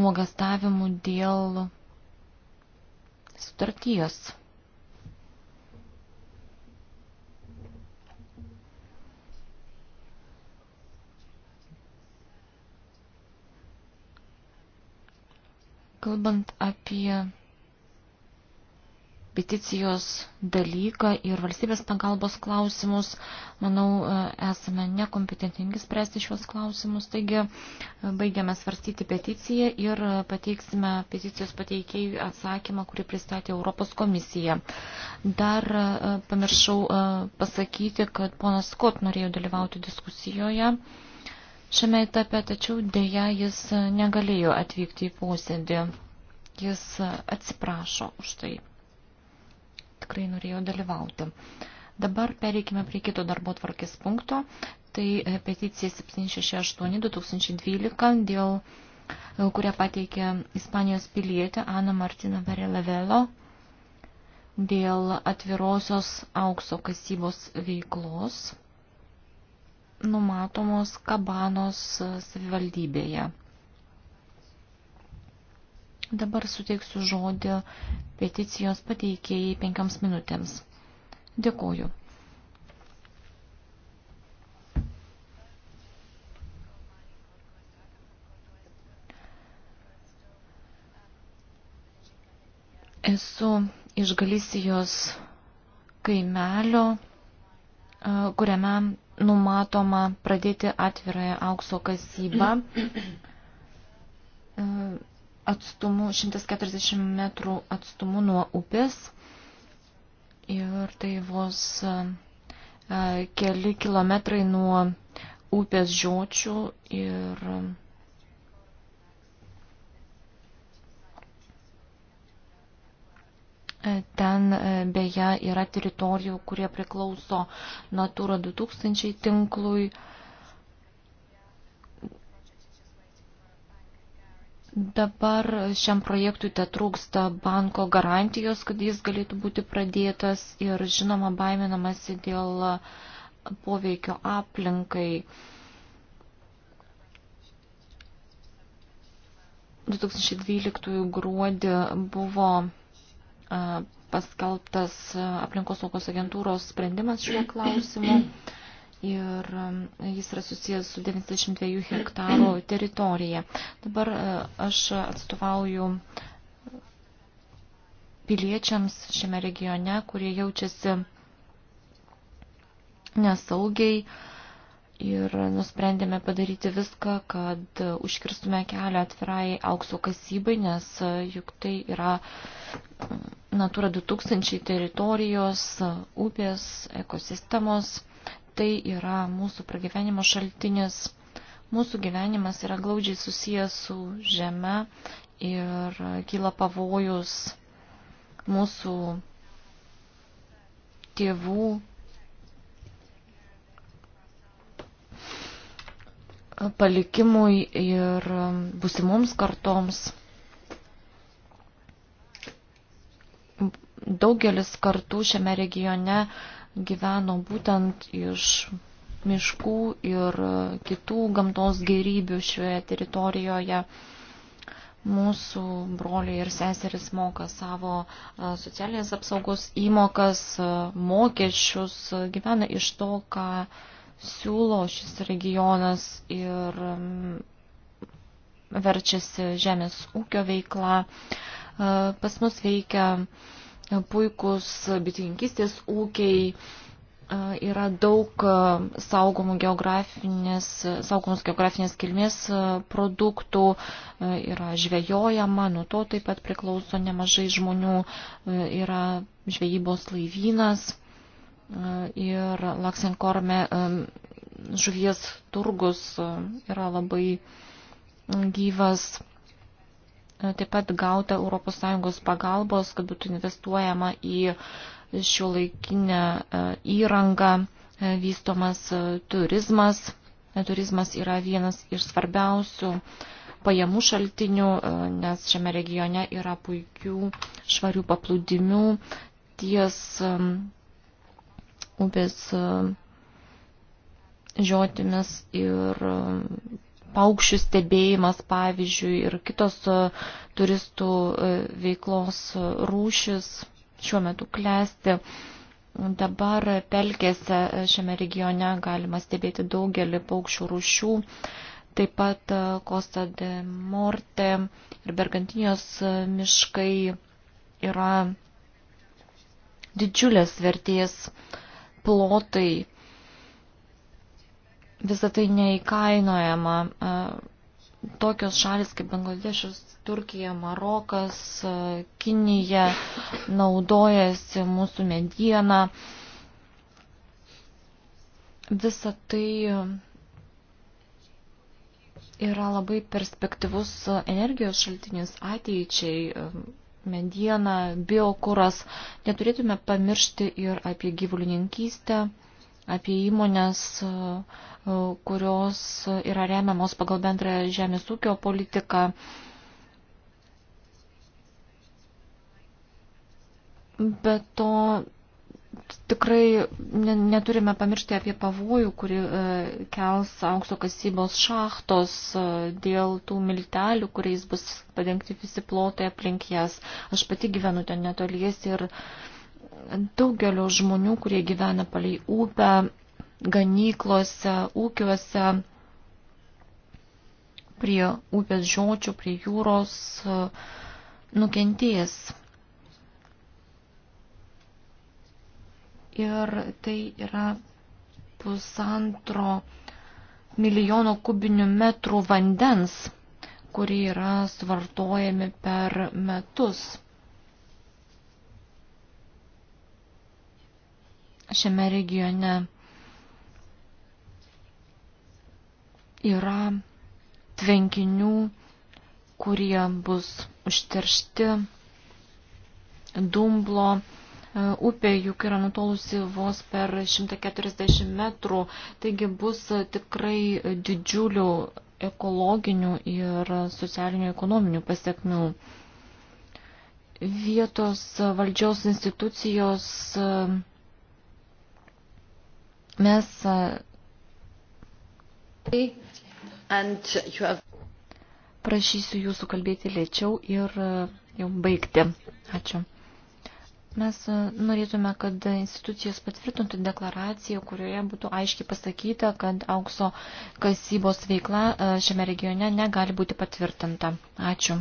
B: nuogastavimų dėl sutarties. Kalbant apie peticijos dalyką ir valstybės pagalbos klausimus. Manau, e, esame nekompetentingi spręsti šios klausimus, taigi e, baigiame svarstyti peticiją ir e, pateiksime peticijos pateikėjų atsakymą, kurį pristatė Europos komisija. Dar pamiršau pasakyti, kad ponas Skot norėjo dalyvauti diskusijoje. Šiame etape, tačiau dėja jis negalėjo atvykti į posėdį. Jis atsiprašo už tai tikrai norėjo dalyvauti. Dabar pereikime prie kito darbo tvarkės punkto. Tai e, peticija 768-2012 dėl e, kurią pateikė Ispanijos pilietė Ana Martina Verelavelo dėl atvirosios aukso kasybos veiklos numatomos Kabanos e, savivaldybėje. Dabar suteiksiu žodį peticijos pateikėjai penkiams minutėms. Dėkuoju. Esu iš Galisijos kaimelio, kuriame numatoma pradėti atvirąją aukso kasybą atstumu, 140 metrų atstumu nuo upės ir tai vos e, e, keli kilometrai nuo upės žiočių ir e, Ten beje yra teritorijų, kurie priklauso Natūra 2000 tinklui, Dabar šiam projektui te trūksta banko garantijos, kad jis galėtų būti pradėtas ir žinoma baiminamasi dėl poveikio aplinkai. 2012 gruodį buvo paskelbtas aplinkos saugos agentūros sprendimas šiuo klausimu. Mm ir e, jis yra susijęs su 92 hektarų teritorija. Dabar e, aš atstovauju piliečiams šiame regione, kurie jaučiasi nesaugiai ir nusprendėme padaryti viską, kad užkirstume kelią atvirai aukso kasybai, nes e, juk tai yra Natura 2000 teritorijos, upės, ekosistemos tai yra mūsų pragyvenimo šaltinis. Mūsų gyvenimas yra glaudžiai susijęs su žeme ir kyla pavojus mūsų tėvų palikimui ir busimoms kartoms. Daugelis kartų šiame regione uh, gyveno būtent iš miškų ir kitų gamtos gerybių šioje teritorijoje. Mūsų broliai ir seseris moka savo socialinės apsaugos įmokas, mokesčius, gyvena iš to, ką siūlo šis regionas ir mm, verčiasi žemės ūkio veikla. Pas mus veikia puikus bitininkistės ūkiai, yra daug saugomų geografinės, saugomos geografinės kilmės produktų, yra žvejojama, nuo to taip pat priklauso nemažai žmonių, yra žvejybos laivynas ir Laksenkorme žuvies turgus yra labai gyvas. E, taip pat gauta ES pagalbos, kad būtų investuojama į šio laikinę e, įrangą, e, vystomas turizmas. Turizmas yra vienas iš svarbiausių pajamų šaltinių, nes šiame regione yra puikių švarių paplūdimių ties upės žiotimis ir paukščių stebėjimas, pavyzdžiui, ir kitos e, turistų e, veiklos e, rūšis šiuo metu klesti. Dabar pelkėse šiame regione galima stebėti daugelį paukščių rūšių, taip pat Costa de Morte ir Bergantinijos miškai yra didžiulės vertės plotai visą tai neįkainojama. E, tokios šalis kaip Bangladešas, Turkija, Marokas, e, Kinija naudojasi mūsų medieną. Visa tai yra labai perspektyvus energijos šaltinis ateičiai e, mediena, biokuras. Neturėtume pamiršti ir apie gyvulininkystę apie įmonės, e, e, kurios yra remiamos pagal bendrąją žemės ūkio politiką. Bet to tikrai neturime pamiršti apie pavojų, kuri e, kels aukso kasybos šachtos dėl tų miltelių, kuriais bus padengti visi plotai aplink jas. Aš pati gyvenu ten netolies ir uh, daugelio žmonių, kurie gyvena palei upę, ganyklose, ūkiuose, prie upės žiočių, prie jūros e, nukentės. Ir tai yra pusantro milijono kubinių metrų vandens, kurį yra suvartojami per metus. šiame regione yra tvenkinių, kurie bus užteršti dumblo. E, upė juk yra nutolusi vos per 140 metrų, taigi bus tikrai didžiulių ekologinių ir socialinių ekonominių pasiekmių. Vietos valdžios institucijos Mes. Prašysiu jūsų kalbėti lėčiau ir jau baigti. Ačiū. Mes norėtume, kad institucijos patvirtintų deklaraciją, kurioje būtų aiškiai pasakyta, kad aukso kasybos veikla šiame regione negali būti patvirtinta. Ačiū.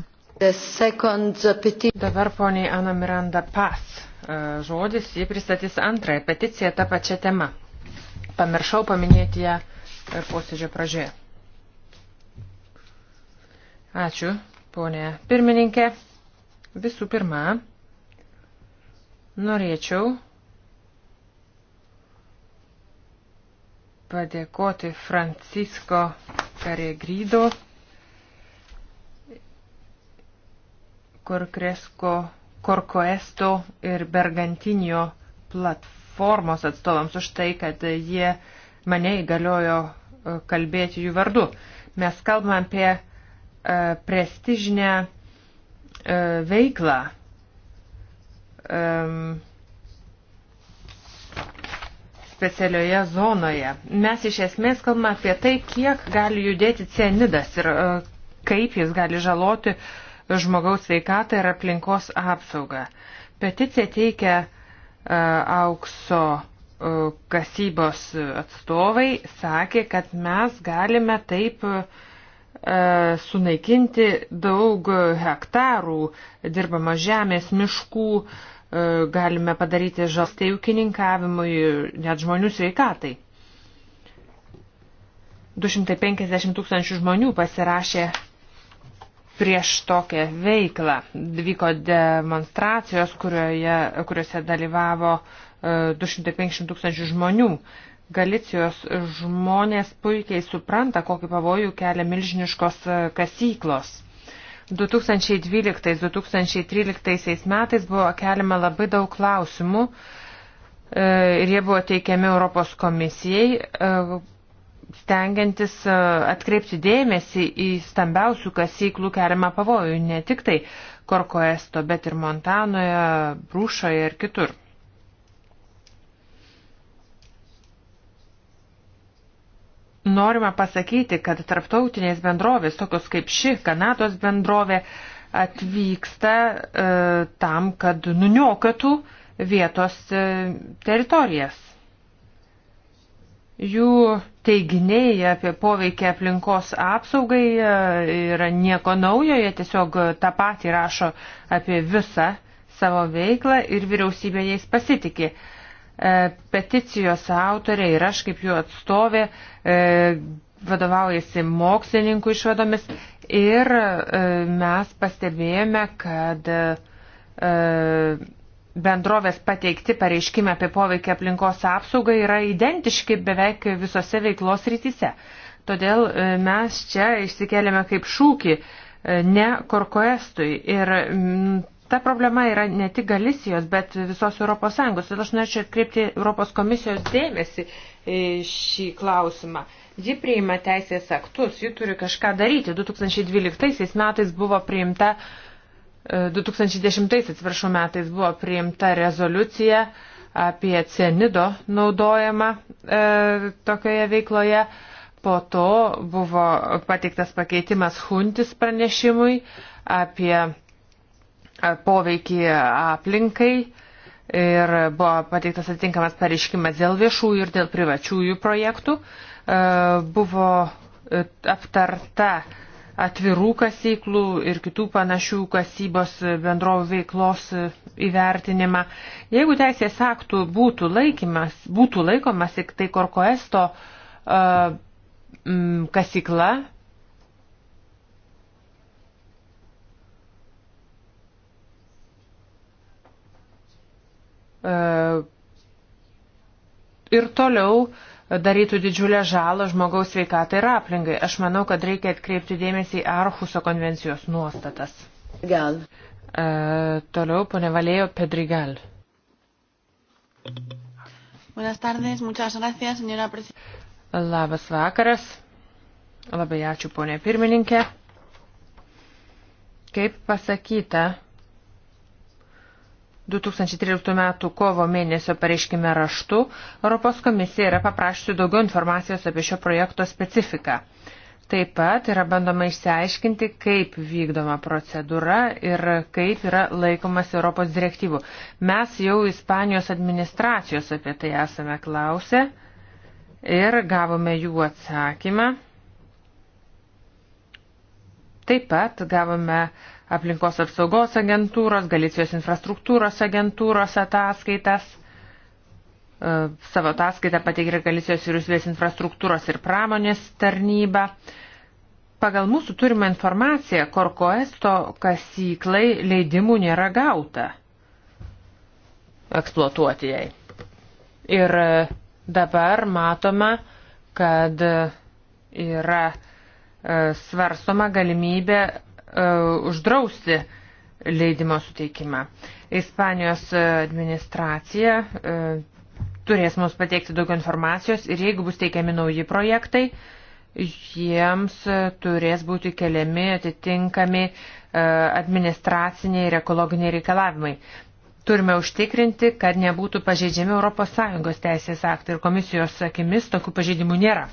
C: Dabar poniai Ana Miranda Pas žodis, jie pristatys antrąją peticiją tą pačią temą. Pamiršau paminėti ją e, posėdžio pradžioje. Ačiū, ponė pirmininkė. Visų pirma, norėčiau padėkoti Francisko Karegrydo, Korkresko, Korkoesto ir Bergantinio platformą platformos atstovams už tai, kad jie mane įgaliojo e, kalbėti jų vardu. Mes kalbame apie e, prestižinę e, veiklą. specialioje zonoje. Mes iš esmės kalbame apie tai, kiek gali judėti cianidas ir kaip jis gali žaloti žmogaus sveikatą ir aplinkos apsaugą. Peticija teikia E, aukso e, kasybos atstovai sakė, kad mes galime taip e, sunaikinti daug hektarų dirbama žemės miškų, galime padaryti žastai ūkininkavimui, net žmonių sveikatai. 250 tūkstančių žmonių pasirašė prieš tokią veiklą. Vyko demonstracijos, kurioje, kuriuose dalyvavo 250 e, tūkstančių žmonių. Galicijos žmonės puikiai supranta, kokį pavojų kelia milžiniškos e, kasyklos. 2012-2013 metais buvo keliama labai daug klausimų e, ir jie buvo teikiami Europos komisijai stengiantis e, atkreipti dėmesį į stambiausių kasyklų keliamą pavojų, ne tik tai Korkoesto, bet ir Montanoje, Brūšoje ir kitur. Norima pasakyti, kad tarptautinės bendrovės, tokios kaip ši Kanados bendrovė, atvyksta e, tam, kad nuniokotų vietos e, teritorijas. Jų teiginiai apie poveikį aplinkos apsaugai e, yra nieko naujo, jie tiesiog tą patį rašo apie visą savo veiklą ir vyriausybė jais pasitikė. E, peticijos autorė ir aš kaip jų atstovė e, vadovaujasi mokslininkų išvadomis ir mes pastebėjome, kad bendrovės pateikti pareiškime apie poveikį aplinkos apsaugą yra identiški beveik visose veiklos rytise. Todėl e, mes čia išsikeliame kaip šūkį e, ne korkoestui. Ir ta problema yra ne tik Galisijos, bet visos Europos Sąjungos. Todėl aš norėčiau atkreipti Europos komisijos dėmesį į šį klausimą. Ji priima teisės aktus, ji turi kažką daryti. 2012 metais buvo priimta uh, 2010 atsiprašau, metais buvo priimta rezoliucija apie cianido naudojimą e, tokioje veikloje. Po to buvo pateiktas pakeitimas Huntis pranešimui apie e, poveikį aplinkai ir buvo pateiktas atitinkamas pareiškimas dėl viešųjų ir dėl privačiųjų projektų. E, buvo e, aptarta e, atvirų kasyklų ir kitų panašių kasybos bendrovų veiklos įvertinimą. Jeigu teisės aktų būtų, laikymas, būtų laikomas, tai Korkoesto uh, kasykla uh, ir toliau uh, darytų didžiulę žalą žmogaus sveikatai ir aplinkai. Aš manau, kad reikia atkreipti dėmesį į Arhuso konvencijos nuostatas. Gal. E, toliau, ponė Valėjo Pedrigal.
B: Buenas tardes, muchas gracias, señora presidenta.
C: Labas vakaras. Labai ačiū, ponė pirmininkė. Kaip pasakyta, 2013 m. kovo mėnesio pareiškime raštu Europos komisija yra paprašusi daugiau informacijos apie šio projekto specifiką. Taip pat yra bandoma išsiaiškinti, kaip vykdoma procedūra ir kaip yra laikomas Europos direktyvų. Mes jau Ispanijos administracijos apie tai esame klausę ir gavome jų atsakymą. Taip pat gavome uh, aplinkos apsaugos agentūros, Galicijos infrastruktūros agentūros ataskaitas. E, savo ataskaitą pateikė Galicijos vyriausybės infrastruktūros ir pramonės tarnyba. Pagal mūsų turimą informaciją, Korkoesto kasyklai leidimų nėra gauta eksploatuoti jai. Ir e, dabar matome, kad e, yra svarstoma galimybė E, uždrausti leidimo suteikimą. Ispanijos administracija e, turės mums pateikti daugiau informacijos ir jeigu bus teikiami nauji projektai, jiems turės būti keliami atitinkami e, administraciniai ir ekologiniai reikalavimai. Turime užtikrinti, kad nebūtų pažeidžiami ES teisės aktai ir komisijos akimis tokių pažeidimų nėra.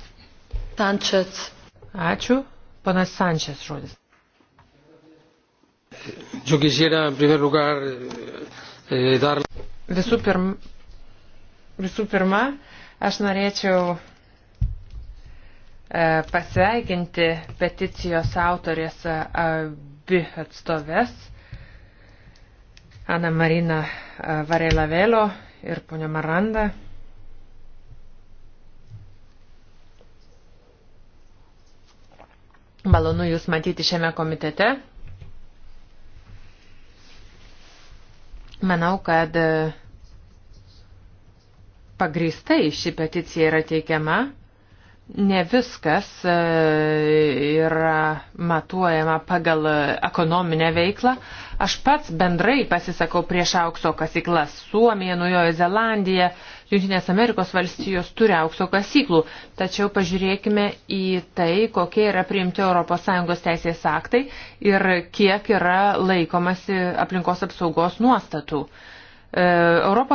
C: Tančias. Ačiū. Panas Sančias žodis. Eh, eh, visų, pirm, visų pirma, aš norėčiau e, pasveikinti peticijos autorės e, abi atstoves, Ana Marina e, Varelavelo ir ponia Maranda. Malonu Jūs matyti šiame komitete. Manau, kad e, pagristai ši peticija yra teikiama, ne viskas e, yra matuojama pagal ekonominę veiklą. Aš pats bendrai pasisakau prieš aukso kasyklas Suomiją, Nujojo Zelandiją, Junktinės Amerikos valstijos turi aukso kasyklų, tačiau pažiūrėkime į tai, kokie yra priimti ES teisės aktai ir kiek yra laikomasi aplinkos apsaugos nuostatų. E,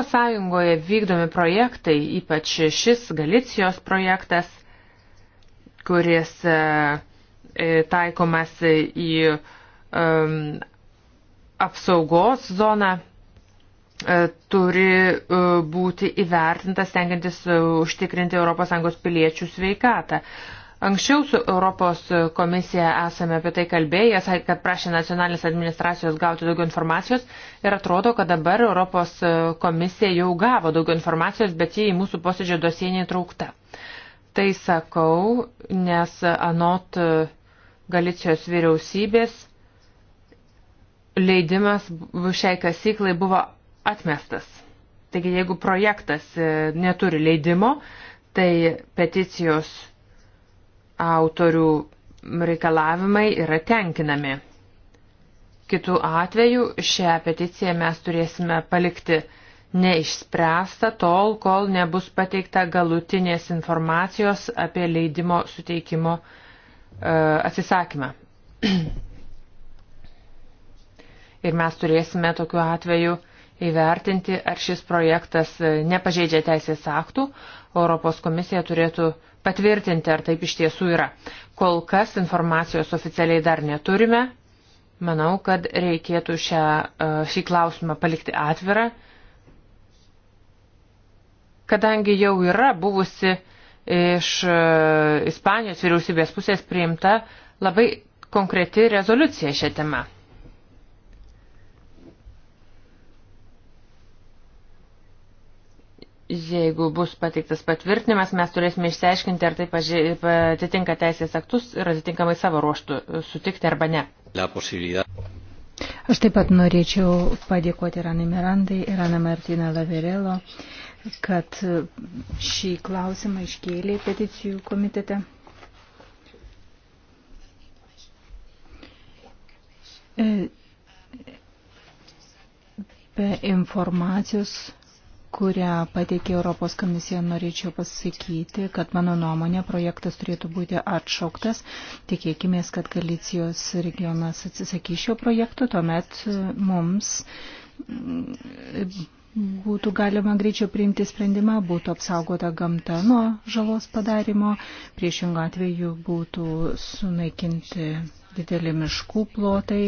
C: ES vykdomi projektai, ypač šis Galicijos projektas, kuris e, e, taikomas į apsaugos zoną E, turi e, būti įvertintas, tenkiantis e, užtikrinti ES piliečių sveikatą. Anksčiau su Europos komisija esame apie tai kalbėję, kad prašė nacionalinės administracijos gauti daugiau informacijos ir atrodo, kad dabar Europos komisija jau gavo daugiau informacijos, bet jie į mūsų posėdžio dosienį įtraukta. Tai sakau, nes anot Galicijos vyriausybės leidimas šiai kasyklai buvo atmestas. Taigi, jeigu projektas e, neturi leidimo, tai peticijos autorių reikalavimai yra tenkinami. Kitu atveju šią peticiją mes turėsime palikti neišspręsta tol, kol nebus pateikta galutinės informacijos apie leidimo suteikimo e, atsisakymą. Ir mes turėsime tokiu atveju įvertinti, ar šis projektas e, nepažeidžia teisės aktų. Europos komisija turėtų patvirtinti, ar taip iš tiesų yra. Kol kas informacijos oficialiai dar neturime. Manau, kad reikėtų šią, e, šį klausimą palikti atvirą, kadangi jau yra buvusi iš e, Ispanijos vyriausybės pusės priimta labai konkreti rezoliucija šią temą. Jeigu bus pateiktas patvirtinimas, mes turėsime išsiaiškinti, ar tai atitinka teisės aktus ir atitinkamai savo ruoštų e, sutikti arba ne.
A: Aš taip pat norėčiau padėkoti Ranai Mirandai ir Ana Martina Laverelo, kad šį klausimą iškėlė peticijų komitete. E, be informacijos kurią pateikė Europos komisija, norėčiau pasakyti, kad mano nuomonė projektas turėtų būti atšauktas. Tikėkime, kad Galicijos regionas atsisakys šio projekto, tuomet mm, mums mm, būtų galima greičiau priimti sprendimą, būtų apsaugota gamta nuo žalos padarimo, priešingų atveju būtų sunaikinti dideli miškų plotai,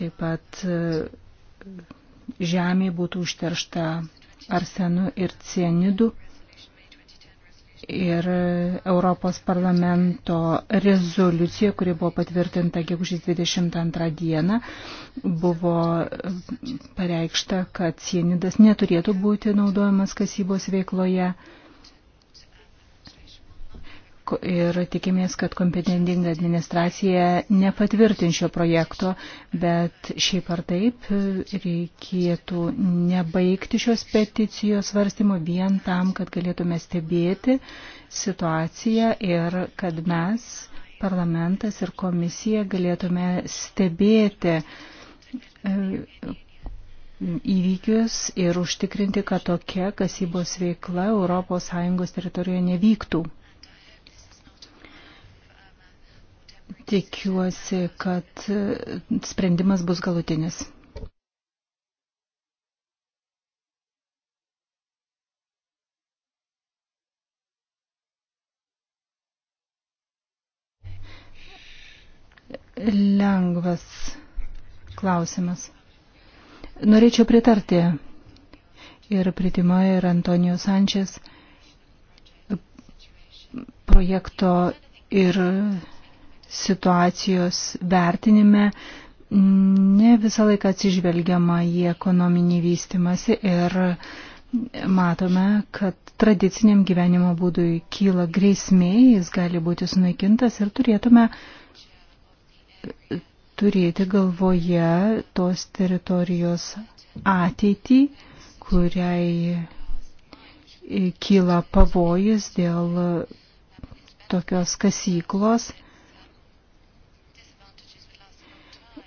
A: taip pat mm, žemė būtų užteršta arsenu ir cienidu. Ir Europos parlamento rezoliucija, kuri buvo patvirtinta gegužės 22 dieną, buvo pareikšta, kad cienidas neturėtų būti naudojamas kasybos veikloje ir tikimės, kad kompetentinga administracija nepatvirtin šio projekto, bet šiaip ar taip reikėtų nebaigti šios peticijos svarstymo vien tam, kad galėtume stebėti situaciją ir kad mes, parlamentas ir komisija, galėtume stebėti e, įvykius ir užtikrinti, kad tokia kasybos veikla ES teritorijoje nevyktų. Tikiuosi, kad sprendimas bus galutinis. Lengvas klausimas. Norėčiau pritarti ir pritima ir Antonijo Sančias projekto ir situacijos vertinime ne visą laiką atsižvelgiama į ekonominį vystimąsi ir matome, kad tradiciniam gyvenimo būdui kyla grėsmė, jis gali būti sunaikintas ir turėtume turėti galvoje tos teritorijos ateitį, kuriai kyla pavojus dėl tokios kasyklos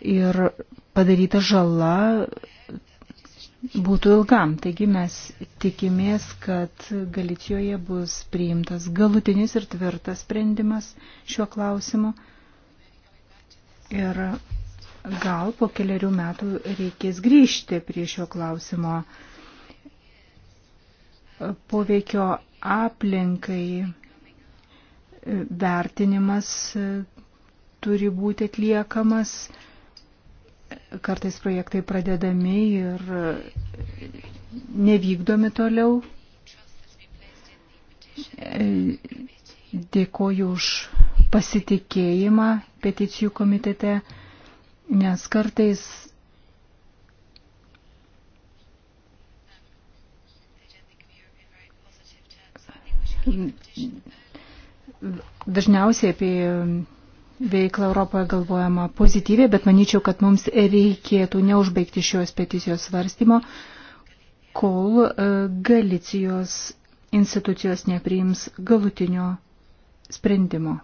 A: ir padaryta žala būtų ilgam. Taigi mes tikimės, kad Galicijoje bus priimtas galutinis ir tvirtas sprendimas šiuo klausimu. Ir gal po keliarių metų reikės grįžti prie šio klausimo poveikio aplinkai vertinimas turi būti atliekamas kartais projektai pradedami ir nevykdomi toliau. Dėkoju už pasitikėjimą peticijų komitete, nes kartais dažniausiai apie veiklą Europoje galvojama pozityviai, bet manyčiau, kad mums reikėtų neužbaigti šios peticijos svarstymo, kol e, Galicijos institucijos nepriims galutinio sprendimo.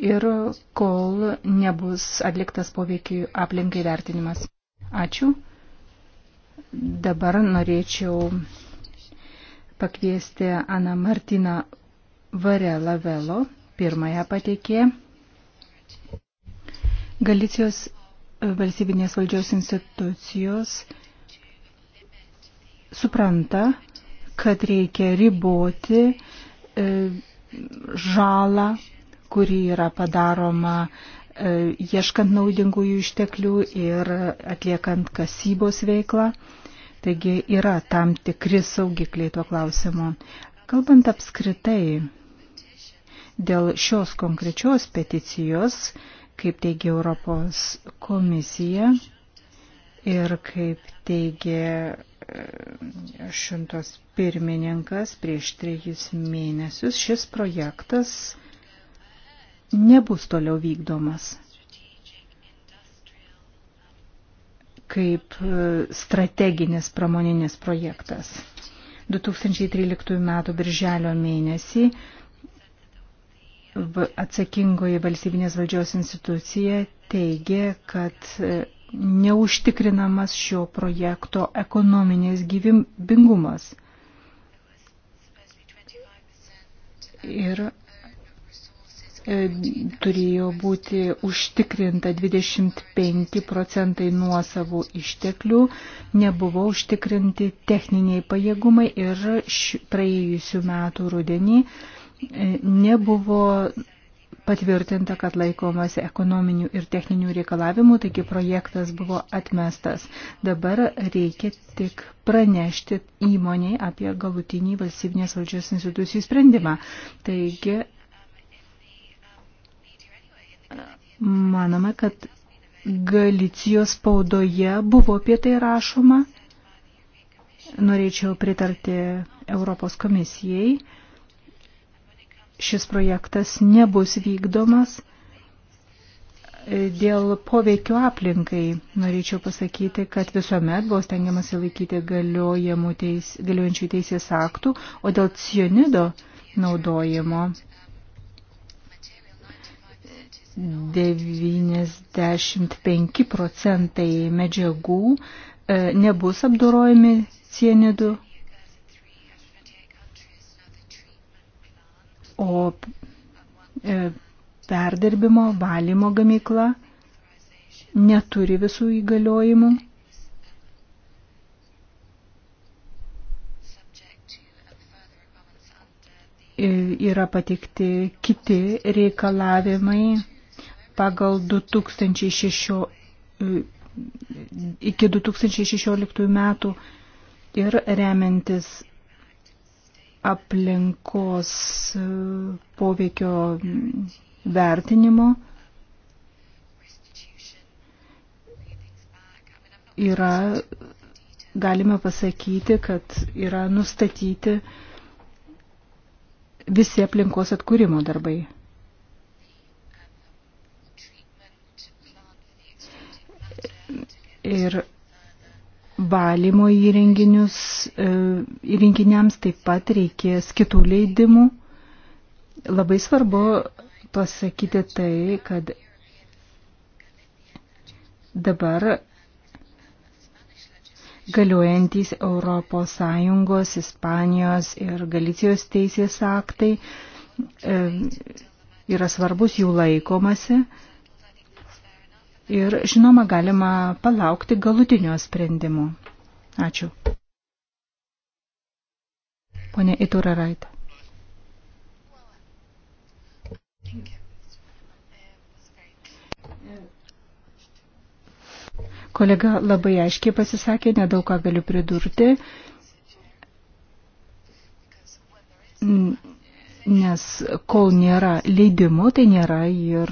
A: Ir kol nebus atliktas poveikiai aplinkai vertinimas. Ačiū. Dabar norėčiau pakviesti Aną Martiną Varelą Velo, pirmąją pateikė Galicijos e, valstybinės valdžios institucijos supranta, kad reikia riboti e, žalą, kuri yra padaroma e, ieškant naudingųjų išteklių ir atliekant kasybos veiklą. Taigi yra tam tikri saugikliai tuo klausimu. Kalbant apskritai dėl šios konkrečios peticijos, kaip teigia Europos komisija ir kaip teigia e, šimtos pirmininkas prieš trejus mėnesius, šis projektas nebus toliau vykdomas. kaip e, strateginis pramoninis projektas. 2013 m. birželio mėnesį atsakingoji valstybinės valdžios institucija teigė, kad e, neužtikrinamas šio projekto ekonominės gyvybingumas. Ir E, turėjo būti užtikrinta 25 procentai nuosavų išteklių, nebuvo užtikrinti techniniai pajėgumai ir praėjusių metų rudenį e, nebuvo patvirtinta, kad laikomasi ekonominių ir techninių reikalavimų, taigi projektas buvo atmestas. Dabar reikia tik pranešti įmoniai apie galutinį valstybinės valdžios institucijų sprendimą. Taigi Manome, kad Galicijos spaudoje buvo apie tai rašoma. Norėčiau pritarti Europos komisijai. Šis projektas nebus vykdomas dėl poveikio aplinkai norėčiau pasakyti, kad visuomet buvo stengiamasi laikyti teis, galiojančių teisės aktų, o dėl cionido naudojimo 95 procentai medžiagų e, nebus apdorojami cienidu, o e, perdirbimo valymo gamykla neturi visų įgaliojimų. E, yra patikti kiti reikalavimai pagal 2006, iki 2016 metų ir remiantis aplinkos poveikio vertinimo yra, galime pasakyti, kad yra nustatyti visi aplinkos atkūrimo darbai. ir valymo įrenginius, e, įrenginiams taip pat reikės kitų leidimų. Labai svarbu pasakyti tai, kad dabar galiojantis ES, Ispanijos ir Galicijos teisės aktai e, yra svarbus jų laikomasi ir žinoma galima palaukti galutinio sprendimo. Ačiū. Pone Itura Raita. Kolega labai aiškiai pasisakė, nedaug ką galiu pridurti. Nes kol nėra leidimų, tai nėra ir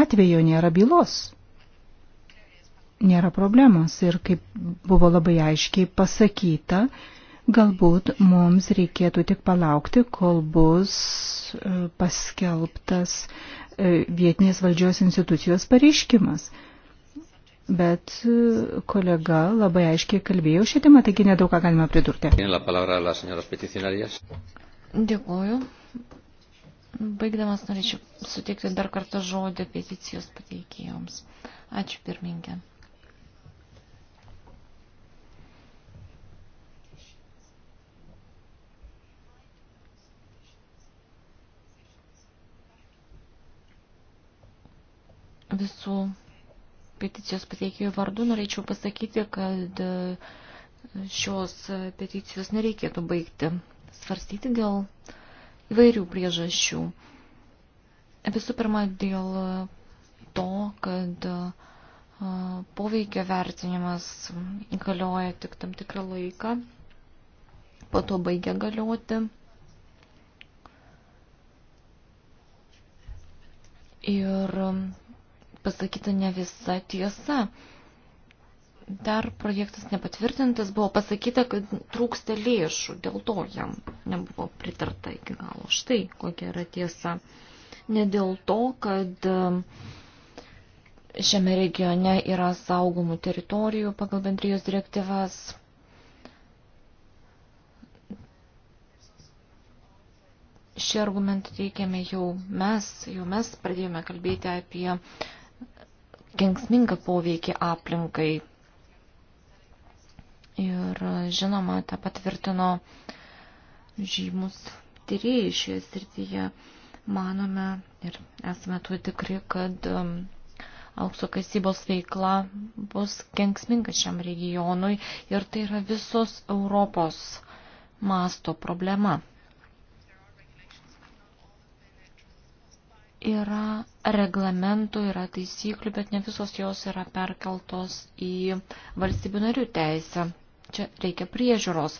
A: atvejo, nėra bylos, nėra problemos. Ir kaip buvo labai aiškiai pasakyta, galbūt mums reikėtų tik palaukti, kol bus e, paskelbtas e, vietinės valdžios institucijos pareiškimas. Bet e, kolega labai aiškiai kalbėjo šią temą, taigi nedaug ką galima pridurti.
B: Dėkuoju. Baigdamas norėčiau suteikti dar kartą žodį peticijos pateikėjoms. Ačiū pirmininkė. visų peticijos pateikėjų vardų norėčiau pasakyti, kad e, šios peticijos nereikėtų baigti svarstyti dėl įvairių priežasčių. Visų pirma, dėl to, kad poveikio vertinimas galioja tik tam tikrą laiką, po to baigia galioti. Ir pasakyta ne visa tiesa dar projektas nepatvirtintas, buvo pasakyta, kad trūksta lėšų, dėl to jam nebuvo pritarta iki galo. Štai kokia yra tiesa. Ne dėl to, kad um, šiame regione yra saugomų teritorijų pagal bendrijos direktyvas. Šį argumentą teikiame jau mes, jau mes pradėjome kalbėti apie kenksmingą poveikį aplinkai Ir žinoma, tą patvirtino žymus tyrėjai šioje srityje. Manome ir esame tuo tikri, kad um, aukso kasybos veikla bus kenksminga šiam regionui ir tai yra visos Europos masto problema. Yra reglamentų, yra taisyklių, bet ne visos jos yra perkeltos į valstybių narių teisę. Čia reikia priežiūros.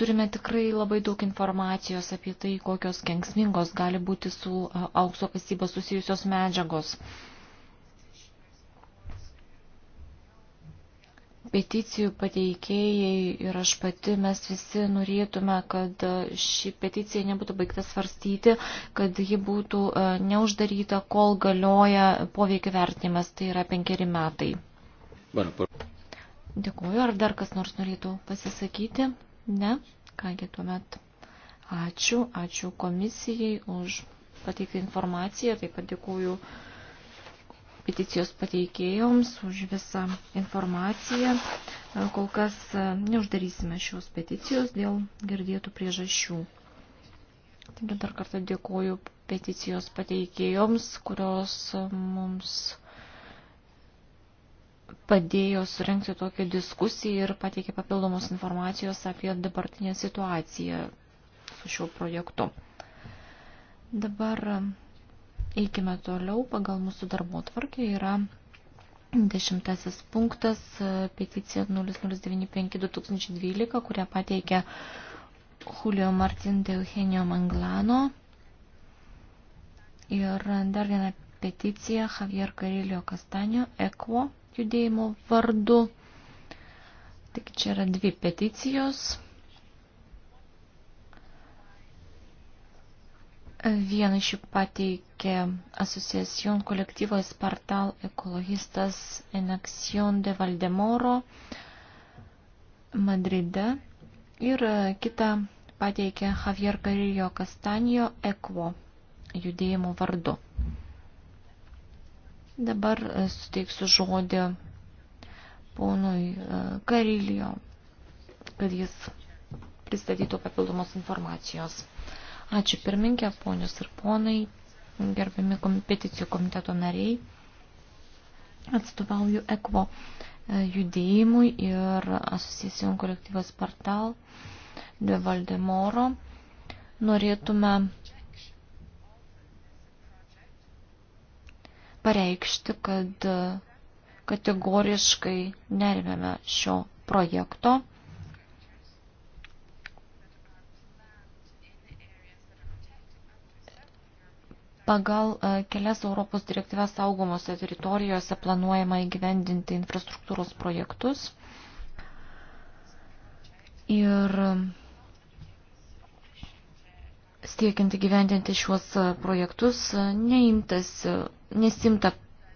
B: Turime tikrai labai daug informacijos apie tai, kokios kengsmingos gali būti su aukso kasyba susijusios medžiagos. peticijų pateikėjai ir aš pati, mes visi norėtume, kad ši peticija nebūtų baigta svarstyti, kad ji būtų neuždaryta, kol galioja poveikio vertinimas, tai yra penkeri metai. Bueno, por... Dėkuoju, ar dar kas nors norėtų pasisakyti? Ne? Kągi tuomet ačiū, ačiū komisijai už pateiktą informaciją, taip pat dėkuoju peticijos pateikėjoms už visą informaciją. Kol kas e, neuždarysime šios peticijos dėl girdėtų priežasčių. Taigi dar kartą dėkuoju peticijos pateikėjoms, kurios mums padėjo surenkti tokią diskusiją ir pateikė papildomos informacijos apie dabartinę situaciją su šiuo projektu. Dabar eikime toliau. Pagal mūsų darbo tvarkę yra dešimtasis punktas peticija 0095-2012, kurią pateikė Julio Martin de Eugenio Manglano. Ir dar viena peticija Javier Carilio Castanio, ECO judėjimo vardu. Tik čia yra dvi peticijos. Vieną iš jų pateikė Asociacijon kolektyvo Espartal ekologistas Enaxion de Valdemoro Madride ir kitą pateikė Javier Garillo Castanio Ekvo judėjimo vardu. Dabar e, suteiksiu žodį ponui e, Karilijo, kad jis pristatytų papildomos informacijos. Ačiū pirminkė, ponius ir ponai, gerbiami peticijų komiteto nariai. Atstovauju ECVO e, judėjimui ir asociacijom kolektyvas Partal de Valdemoro. Norėtume pareikšti, kad e, kategoriškai nervėme šio projekto. Pagal e, kelias Europos direktyvas saugomose teritorijose planuojama įgyvendinti infrastruktūros projektus. Ir siekiant įgyvendinti šiuos e, projektus, e, neimtas, e, nesimta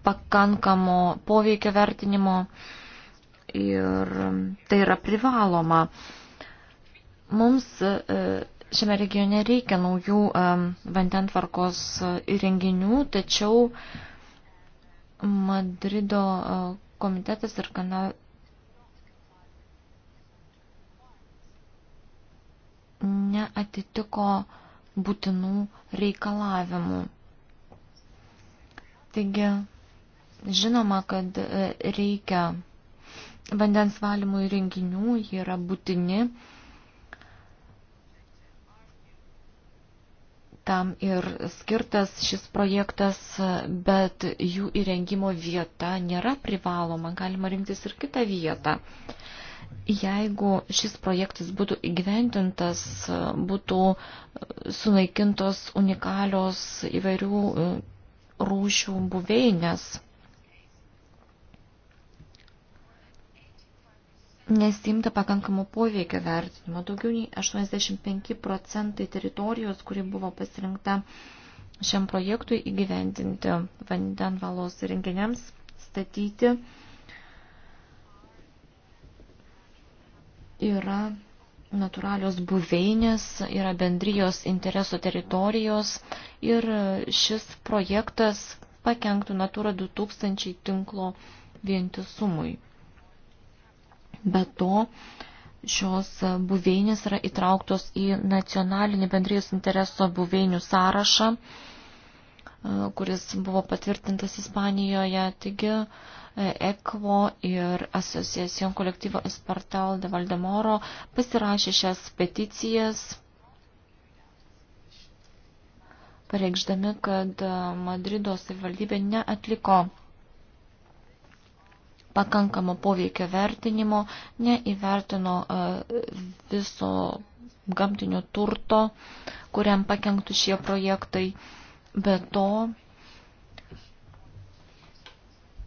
B: pakankamo poveikio vertinimo ir tai yra privaloma. Mums šiame regione reikia naujų vandentvarkos įrenginių, tačiau Madrido komitetas ir kanal, neatitiko uh, būtinų reikalavimų. Taigi, žinoma, kad e, reikia vandens valymo įrenginių, jie yra būtini. Tam ir skirtas šis projektas, bet jų įrengimo vieta nėra privaloma, galima rinktis ir kitą vietą. Jeigu šis projektas būtų įgyventintas, būtų sunaikintos unikalios įvairių e, rūšių buveinės. Nesimta pakankamo poveikio vertinimo. Daugiau nei 85 procentai teritorijos, kuri buvo pasirinkta šiam projektui įgyventinti vandenvalos renginiams, statyti, yra natūralios buveinės, yra bendrijos interesų teritorijos ir šis projektas pakenktų Natura 2000 tinklo vientisumui. Be to, šios buveinės yra įtrauktos į nacionalinį bendrijos intereso buveinių sąrašą kuris buvo patvirtintas Ispanijoje. Taigi ECVO ir Asociacijon kolektyvo Espartal de Valdemoro pasirašė šias peticijas pareikšdami, kad e, Madrido savivaldybė neatliko pakankamo poveikio vertinimo, neįvertino e, viso gamtinio turto, kuriam pakenktų šie projektai. Be to,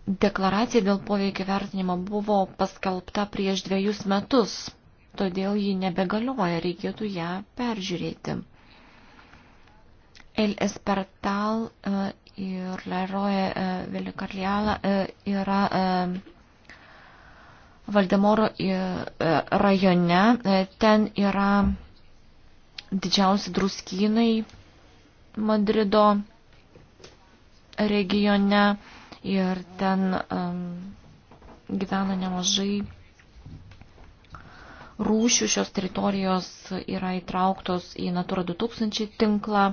B: deklaracija dėl poveikio vertinimo buvo paskelbta prieš dviejus metus, todėl ji nebegalioja, reikėtų ją peržiūrėti. El Espertal e, ir Leroy e, Velikarliala e, yra Valdemoro rajone. Ten yra didžiausi druskynai Madrido regione ir ten um, gyvena nemažai rūšių. Šios teritorijos yra įtrauktos į Natura 2000 tinklą.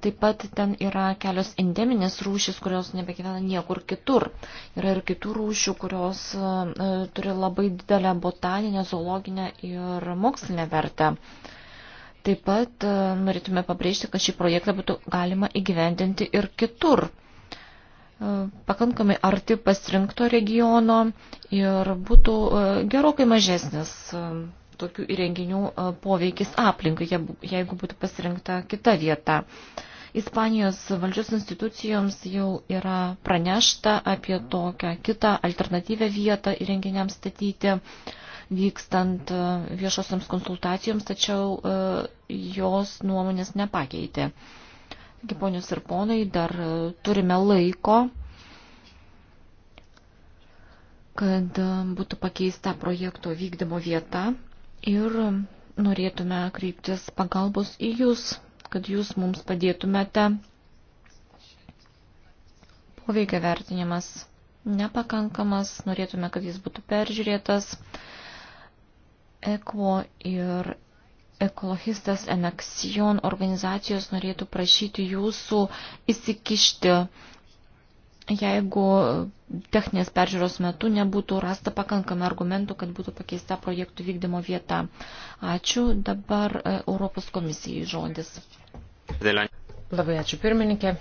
B: Taip pat ten yra kelios endeminės rūšys, kurios nebegyvena niekur kitur. Yra ir kitų rūšių, kurios uh, turi labai didelę botaninę, zoologinę ir mokslinę vertę. Uh, Taip pat e, norėtume pabrėžti, kad šį projektą būtų galima įgyvendinti ir kitur. E, pakankamai arti pasirinkto regiono ir būtų e, gerokai mažesnis tokių įrenginių poveikis aplinkai, jeigu būtų pasirinkta kita vieta. Ispanijos valdžios institucijoms jau yra pranešta apie tokią kitą alternatyvę vietą įrenginiams statyti. Uh, vykstant e, viešosiams konsultacijoms, tačiau e, jos nuomonės nepakeitė. Taigi, ponios ir ponai, dar e, turime laiko, kad būtų pakeista projekto vykdymo vieta ir norėtume kreiptis pagalbos į jūs, kad jūs mums padėtumėte. Poveikia vertinimas nepakankamas, norėtume, kad jis būtų peržiūrėtas. ECO ir ekologistas Enaksijon organizacijos norėtų prašyti jūsų įsikišti, jeigu techninės peržiūros metu nebūtų rasta pakankamai argumentų, kad būtų pakeista projektų vykdymo vieta. Ačiū. Dabar e, Europos komisijai žodis. Labai ačiū pirmininkė.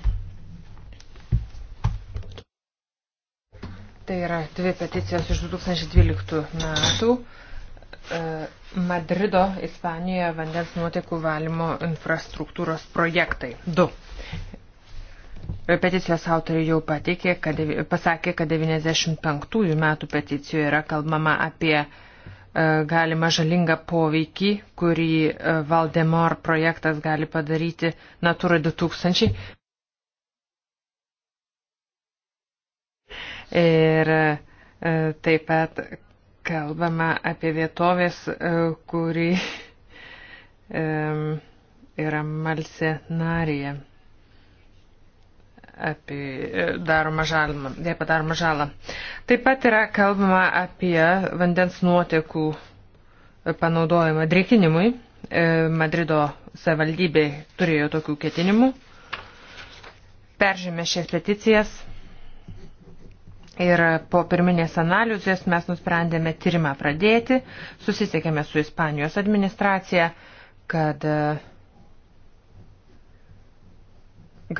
B: Tai yra
C: dvi peticijos iš 2012 metų. E, Madrido, Ispanijoje vandens nuotekų valymo infrastruktūros projektai. Du. Peticijos autoriai jau pateikė, kad, pasakė, kad 95 metų peticijoje yra kalbama apie e, galima žalingą poveikį, kurį e, Valdemar projektas gali padaryti Natura 2000. Ir taip pat, Kalbama apie vietovės, e, kuri e, yra Malse narėje. Apie e, daromą žalą, jai padaromą žalą. Taip pat yra kalbama apie vandens nuotekų panaudojimą drėkinimui. Madrido savivaldybė turėjo tokių ketinimų. Peržėmė šias peticijas Ir po pirminės analizės mes nusprendėme tyrimą pradėti, susisiekėme su Ispanijos administracija, kad e,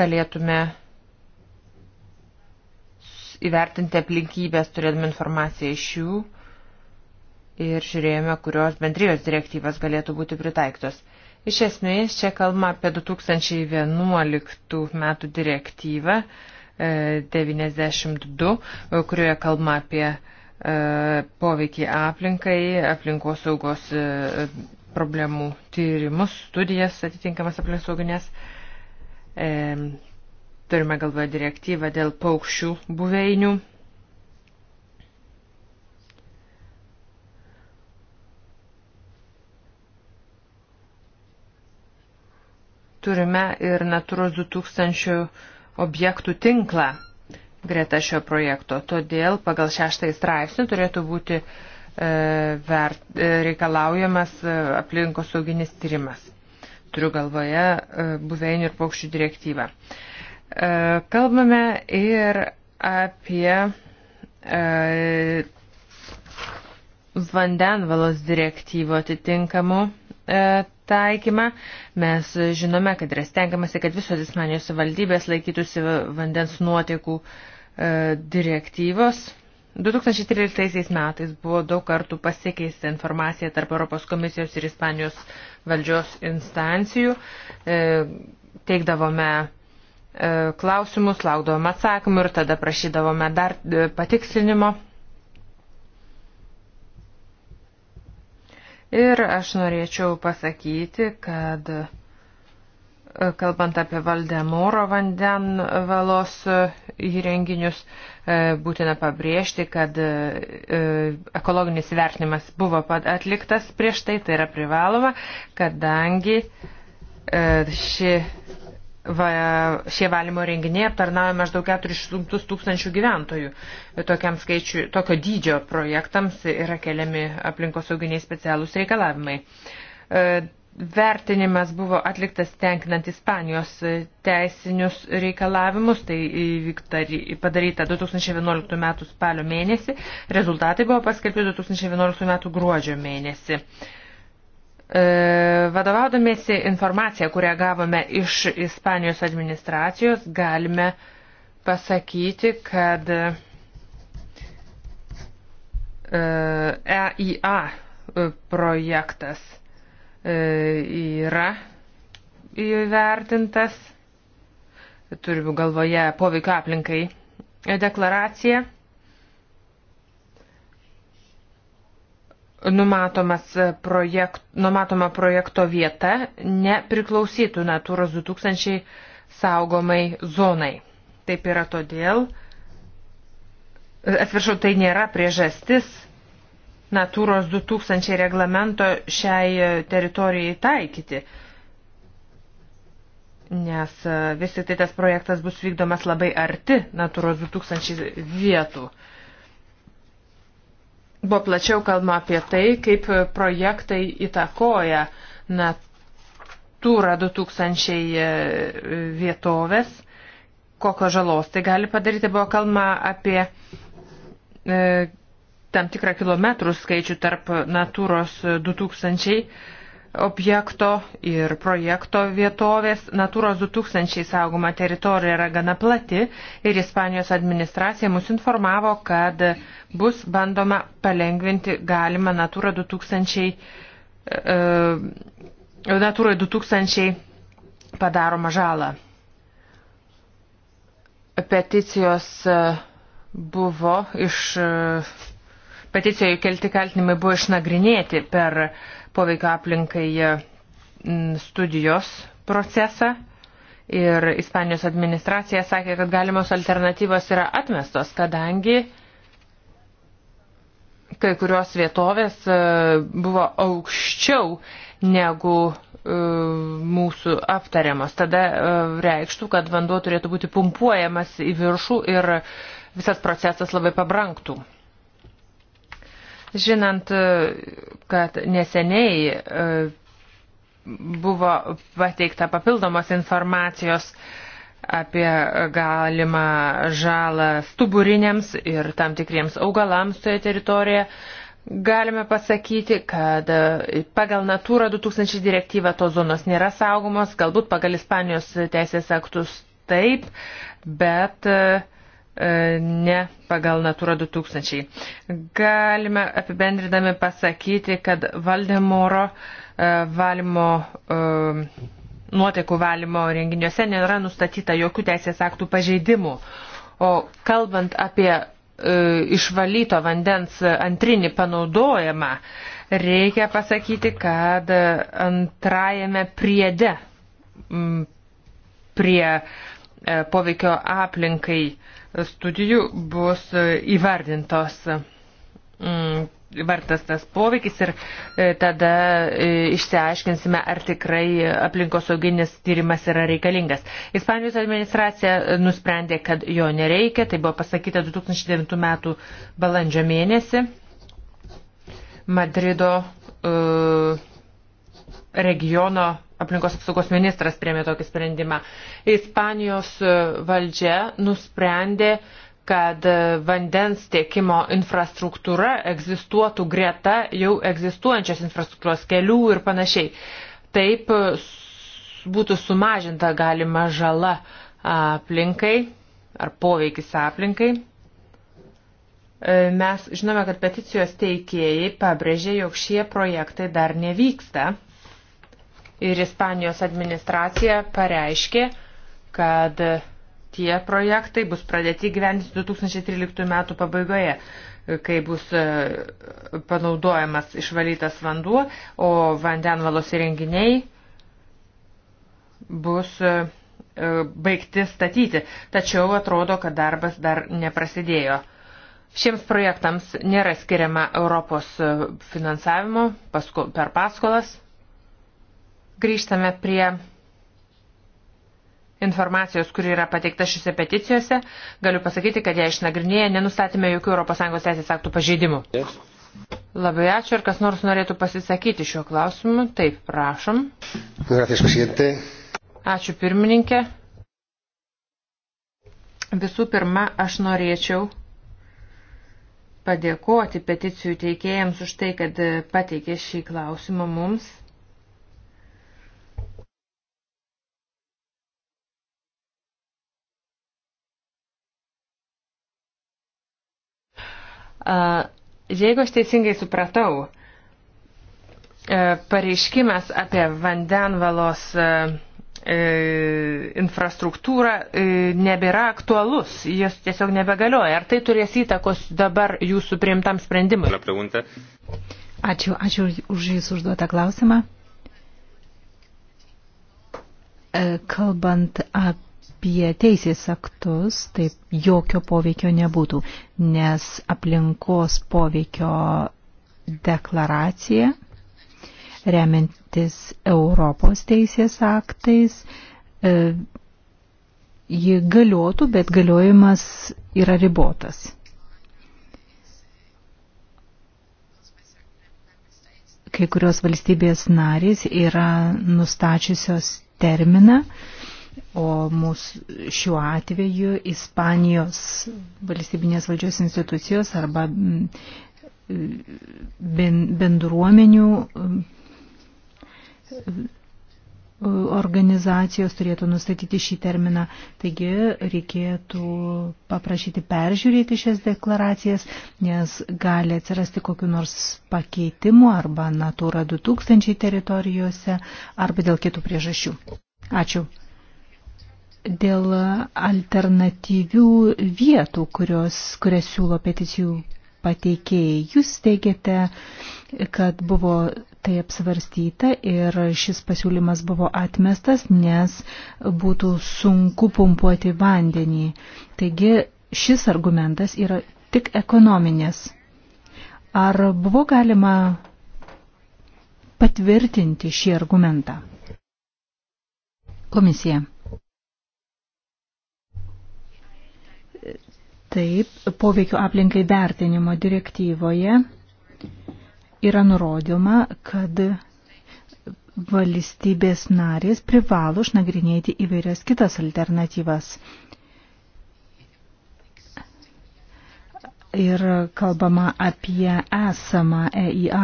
C: galėtume įvertinti aplinkybės, turėdami informaciją iš jų ir žiūrėjome, kurios bendrijos direktyvas galėtų būti pritaiktos. Iš esmės, čia kalba apie 2011 metų direktyvą, 92, e, kurioje kalba apie e, poveikį aplinkai, aplinkos saugos e, problemų tyrimus, studijas atitinkamas aplinkos sauginės. Turime galvoje direktyvą dėl paukščių buveinių. Turime ir Naturos 2000 objektų tinklą greta šio projekto. Todėl pagal šeštąjį straipsnį turėtų būti e, vert, e, reikalaujamas e, aplinkos sauginis tyrimas. Turiu galvoje e, buveinių ir paukščių direktyvą. E, kalbame ir apie e, vandenvalos direktyvų atitinkamų e, taikymą. Mes žinome, kad yra stengiamasi, kad visos Ispanijos valdybės laikytųsi vandens nuotekų e, direktyvos. 2013 metais buvo daug kartų pasikeista informacija tarp Europos komisijos ir Ispanijos valdžios instancijų. E, teikdavome e, klausimus, laukdavom atsakymų ir tada prašydavome dar patikslinimo Ir aš norėčiau pasakyti, kad e, kalbant apie Valdemoro vandenvalos e, įrenginius, e, būtina pabrėžti, kad ekologinis vertinimas buvo atliktas prieš tai, tai yra privaloma, kadangi ši va, šie valymo renginiai aptarnauja maždaug 400 tūkstančių gyventojų. Tokiam skaičiu, tokio dydžio projektams yra keliami aplinkosauginiai specialūs reikalavimai. E, vertinimas buvo atliktas tenkinant Ispanijos teisinius reikalavimus, tai įvykta, padaryta 2011 m. spalio mėnesį, rezultatai buvo paskelbti 2011 m. gruodžio mėnesį. E, Vadovaudomėsi informaciją, kurią gavome iš Ispanijos administracijos, galime pasakyti, kad EIA e e, projektas yra įvertintas, turiu galvoje poveikio aplinkai deklaraciją. numatomas projekt, numatoma projekto vieta nepriklausytų Natūros 2000 saugomai zonai. Taip yra todėl, atsiprašau, tai nėra priežastis Natūros 2000 reglamento šiai teritorijai taikyti, nes vis tik tai tas projektas bus vykdomas labai arti Natūros 2000 vietų. Buvo plačiau kalbama apie tai, kaip projektai įtakoja Natūra 2000 e, vietovės, kokio žalos tai gali padaryti. Buvo kalbama apie e, tam tikrą kilometrų skaičių tarp Natūros 2000 objekto ir projekto vietovės. Natūros 2000 saugoma teritorija yra gana plati ir Ispanijos administracija mus informavo, kad bus bandoma palengvinti galimą Natūra 2000, Natūra 2000 padaromą žalą. Peticijos e, buvo iš, e, peticijoje kelti kaltinimai buvo išnagrinėti per uh, poveikio aplinkai mm, studijos procesą ir Ispanijos administracija sakė, kad galimos alternatyvos yra atmestos, kadangi kai kurios vietovės e, buvo aukščiau negu e, mūsų aptariamos. Tada e, reikštų, kad vanduo turėtų būti pumpuojamas į viršų ir visas procesas labai pabranktų. Žinant, e, kad neseniai e, buvo pateikta papildomos informacijos apie galimą žalą stuburiniams ir tam tikriems augalams toje teritorijoje, Galime pasakyti, kad e, pagal Natūra 2000 direktyvą tos zonos nėra saugomos, galbūt pagal Ispanijos teisės aktus taip, bet uh, ne pagal Natura 2000. Galime apibendrinami pasakyti, kad valdemoro e, valymo, e, nuotekų valymo renginiuose nėra nustatyta jokių teisės aktų pažeidimų. O kalbant apie e, išvalyto vandens antrinį panaudojimą, reikia pasakyti, kad antrajame priede prie poveikio aplinkai uh, studijų bus e, įvardintos mm, vartas tas poveikis ir e, tada e, išsiaiškinsime, ar tikrai aplinkosauginis tyrimas yra reikalingas. Ispanijos administracija nusprendė, kad jo nereikia, tai buvo pasakyta 2009 metų balandžio mėnesį Madrido regiono aplinkos apsaugos ministras priemė tokį sprendimą. Ispanijos e, valdžia nusprendė, kad e, vandens tiekimo infrastruktūra egzistuotų greta jau egzistuojančios infrastruktūros kelių ir panašiai. Taip e, būtų sumažinta galima žala aplinkai ar poveikis aplinkai. Mes žinome, kad peticijos teikėjai pabrėžė, jog šie projektai dar nevyksta ir Ispanijos administracija pareiškė, kad tie projektai bus pradėti gyventi 2013 metų pabaigoje, kai bus e, panaudojamas išvalytas vanduo, o vandenvalos įrenginiai bus e, e, baigti statyti. Tačiau atrodo, kad darbas dar neprasidėjo. Šiems projektams nėra skiriama Europos finansavimo per paskolas, Grįžtame prie informacijos, kuri yra pateikta šiuose peticijose. Galiu pasakyti, kad ją išnagrinėję nenustatėme jokių ES teisės aktų pažeidimų. Yes. Labai ačiū. Ar kas nors norėtų pasisakyti šiuo klausimu? Taip, prašom. Gracias, presidente. Ačiū pirmininkė. Visų pirma, aš norėčiau padėkoti peticijų teikėjams už tai, kad pateikė šį klausimą mums Jeigu aš teisingai supratau, pareiškimas apie vandenvalos e, infrastruktūra e, nebėra aktualus, jis tiesiog nebegalioja. Ar tai turės įtakos dabar jūsų priimtam sprendimui?
A: Ačiū, ačiū už jūsų užduotą klausimą. E, kalbant apie apie teisės aktus, taip jokio poveikio nebūtų, nes aplinkos poveikio deklaracija, remiantis Europos teisės aktais, e, ji galiotų, bet galiojimas yra ribotas. Kai kurios valstybės narys yra nustačiusios terminą, O mūsų šiuo atveju Ispanijos valstybinės valdžios institucijos arba mm, bendruomenių mm, organizacijos turėtų nustatyti šį terminą. Taigi reikėtų paprašyti peržiūrėti šias deklaracijas, nes gali atsirasti kokiu nors pakeitimu arba Natura 2000 teritorijose arba dėl kitų priežasčių. Ačiū dėl alternatyvių vietų, kurios, kurias siūlo peticijų pateikėjai. Jūs teigiate, kad buvo tai apsvarstyta ir šis pasiūlymas buvo atmestas, nes būtų sunku pumpuoti vandenį. Taigi šis argumentas yra tik ekonominis. Ar buvo galima patvirtinti šį argumentą? Komisija. Taip, poveikio aplinkai vertinimo direktyvoje yra nurodoma, kad valstybės narės privalo išnagrinėti įvairias kitas alternatyvas. Ir kalbama apie esamą EIA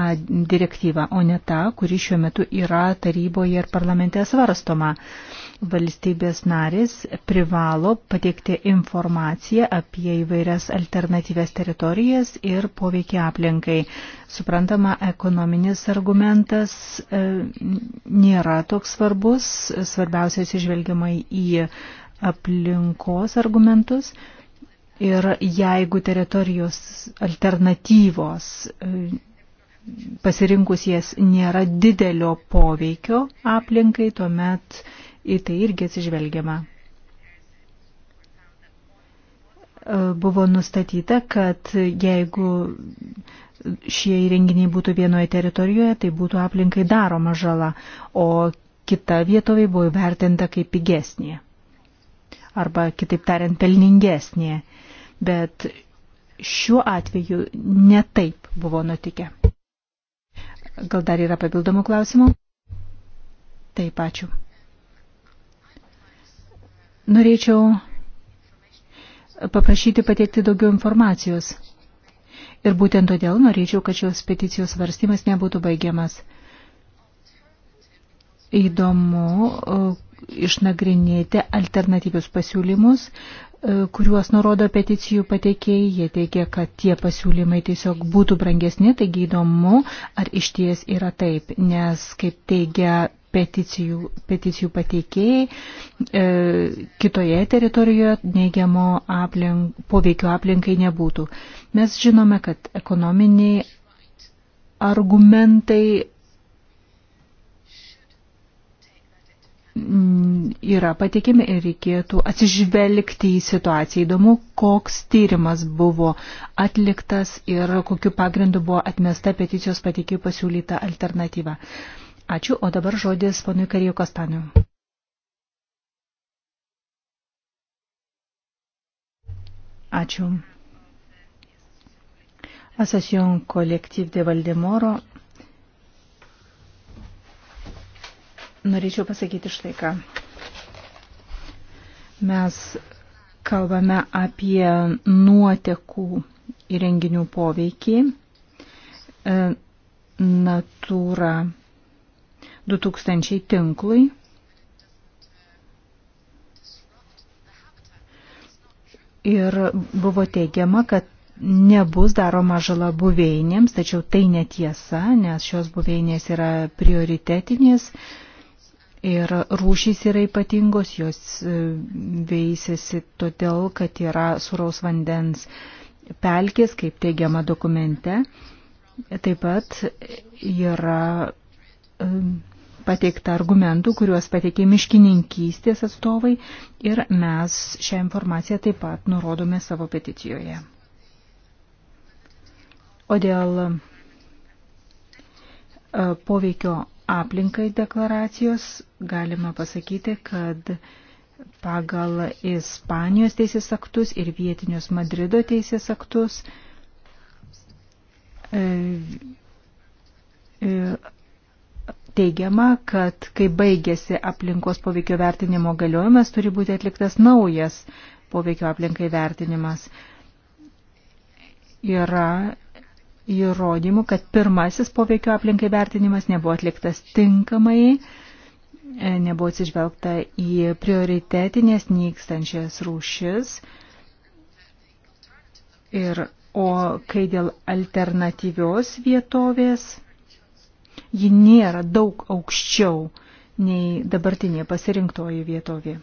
A: direktyvą, o ne tą, kuri šiuo metu yra taryboje ir parlamente svarstoma valstybės narės privalo pateikti informaciją apie įvairias alternatyves teritorijas ir poveikį aplinkai. Suprantama, ekonominis argumentas e, nėra toks svarbus, svarbiausia atsižvelgiamai į aplinkos argumentus. Ir jeigu teritorijos alternatyvos e, pasirinkus jas nėra didelio poveikio aplinkai, tuomet į tai irgi atsižvelgiama. E, buvo nustatyta, kad jeigu šie įrenginiai būtų vienoje teritorijoje, tai būtų aplinkai daroma žala, o kita vietovė buvo įvertinta kaip pigesnė arba kitaip tariant pelningesnė. Bet šiuo atveju netaip buvo nutikę. Gal dar yra papildomų klausimų? Taip, ačiū. Norėčiau paprašyti pateikti daugiau informacijos. Ir būtent todėl norėčiau, kad šios peticijos svarstymas nebūtų baigiamas. Įdomu e, išnagrinėti alternatyvius pasiūlymus, e, kuriuos nurodo peticijų pateikėjai. Jie teigia, kad tie pasiūlymai tiesiog būtų brangesni, taigi įdomu, ar iš ties yra taip, nes, kaip teigia peticijų, peticijų pateikėjai e, kitoje teritorijoje neigiamo aplink, poveikio aplinkai nebūtų. Mes žinome, kad ekonominiai argumentai mm, yra patikimi ir reikėtų atsižvelgti į situaciją. Įdomu, koks tyrimas buvo atliktas ir kokiu pagrindu buvo atmesta peticijos pateikėjų pasiūlyta alternatyva. Ačiū, o dabar žodis ponui Karijo Kastaniu. Ačiū. Asociación Collective de Valdemoro. Norėčiau pasakyti štai ką. Mes kalbame apie nuotekų įrenginių poveikį, e, natūrą 2000 tinklui. Ir buvo teigiama, kad nebus daroma žala buveinėms, tačiau tai netiesa, nes šios buveinės yra prioritetinės ir rūšys yra ypatingos, jos e, veisėsi todėl, kad yra suraus vandens pelkės, kaip teigiama dokumente. Taip pat yra e, pateikta argumentų, kuriuos pateikė miškininkystės atstovai ir mes šią informaciją taip pat nurodome savo peticijoje. O dėl e, poveikio aplinkai deklaracijos galima pasakyti, kad pagal Ispanijos teisės aktus ir vietinius Madrido teisės aktus e, e, teigiama, kad kai baigėsi aplinkos poveikio vertinimo galiojimas, turi būti atliktas naujas poveikio aplinkai vertinimas. Yra įrodymų, kad pirmasis poveikio aplinkai vertinimas nebuvo atliktas tinkamai, e, nebuvo atsižvelgta į prioritetinės nykstančias rūšis. Ir, o kai dėl alternatyvios vietovės ji nėra daug aukščiau nei dabartinė pasirinktoji vietovė.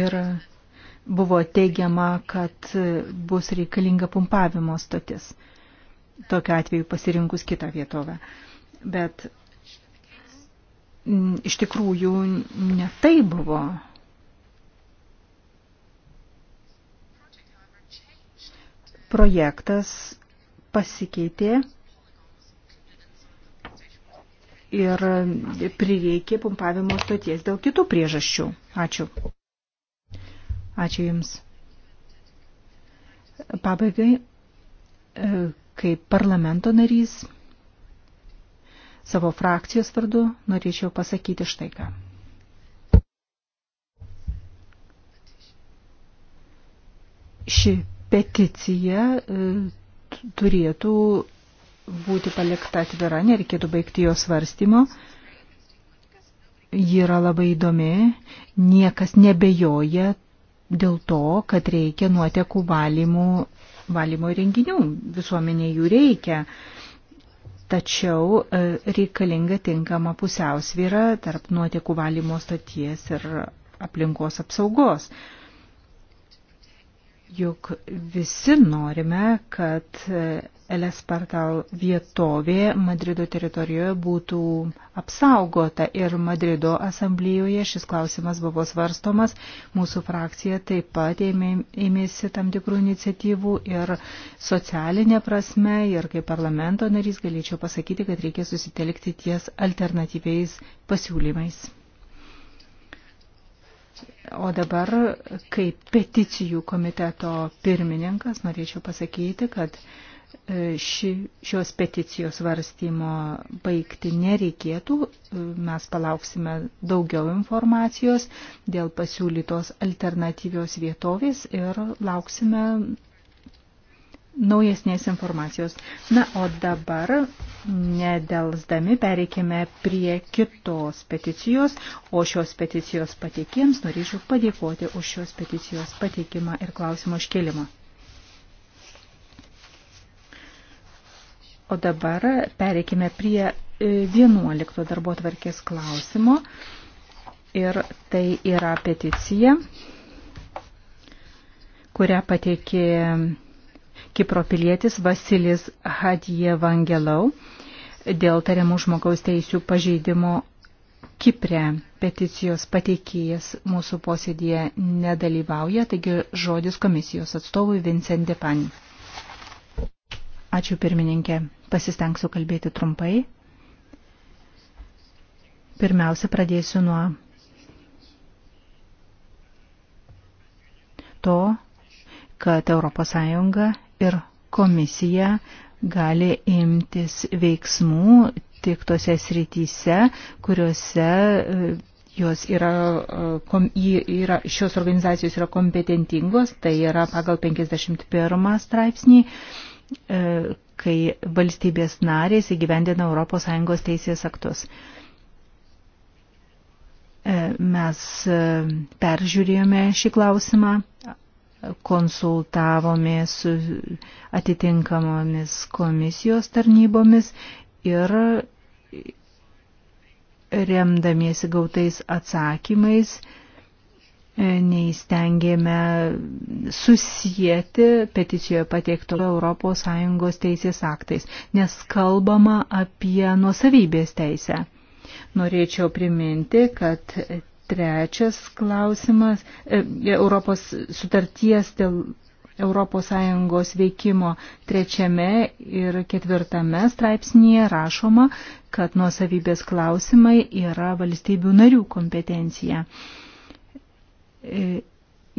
A: Ir buvo teigiama, kad bus reikalinga pumpavimo stotis. Tokiu atveju pasirinkus kitą vietovę. Bet mm, iš tikrųjų netai buvo. Projektas pasikeitė ir prireikė pumpavimo stoties dėl kitų priežasčių. Ačiū. Ačiū Jums. Pabaigai, e, kaip parlamento narys, savo frakcijos vardu norėčiau pasakyti štai ką. Ši peticija e, turėtų būti palikta atvira, nereikėtų baigti jo svarstymo. Ji yra labai įdomi, niekas nebejoja dėl to, kad reikia nuotekų valymų, valymo renginių, visuomenė jų reikia. Tačiau e, reikalinga tinkama pusiausvyra tarp nuotekų valymo stoties ir aplinkos apsaugos. Juk visi norime, kad Elespartal vietovė Madrido teritorijoje būtų apsaugota ir Madrido asamblėjoje šis klausimas buvo svarstomas. Mūsų frakcija taip pat ėmė, ėmėsi tam tikrų iniciatyvų ir socialinė prasme ir kaip parlamento narys galėčiau pasakyti, kad reikia susitelkti ties alternatyviais pasiūlymais. O dabar, kaip peticijų komiteto pirmininkas, norėčiau pasakyti, kad e, ši, šios peticijos varstymo baigti nereikėtų. E, mes palauksime daugiau informacijos dėl pasiūlytos alternatyvios vietovės ir lauksime naujasnės informacijos. Na, o dabar, nedelsdami, pereikime prie kitos peticijos, o šios peticijos pateikėjams norėčiau padėkoti už šios peticijos pateikimą ir klausimo iškelimą. O dabar pereikime prie 11 e, darbo tvarkės klausimo ir tai yra peticija kurią pateikė Kipro pilietis Vasilis Hadie Vangelau dėl tariamų žmogaus teisų pažeidimo Kipre peticijos pateikėjas mūsų posėdėje nedalyvauja, taigi žodis komisijos atstovui Vincent Depani. Ačiū pirmininkė, pasistengsiu kalbėti trumpai. Pirmiausia, pradėsiu nuo to, kad ES ir komisija gali imtis veiksmų tik tose srityse, kuriuose e, jos yra, e, kom, yra, šios organizacijos yra kompetentingos, tai yra pagal 51 straipsnį, e, kai valstybės narės įgyvendina ES teisės aktus. Mes peržiūrėjome šį klausimą, konsultavomės su atitinkamomis komisijos tarnybomis ir remdamiesi gautais atsakymais e, neįstengėme susijęti peticijoje pateikto ES teisės aktais, nes kalbama apie nuosavybės teisę. Norėčiau priminti, kad Trečias klausimas e, - Europos sutarties dėl ES veikimo trečiame ir ketvirtame straipsnėje rašoma, kad nuosavybės klausimai yra valstybių narių kompetencija. E,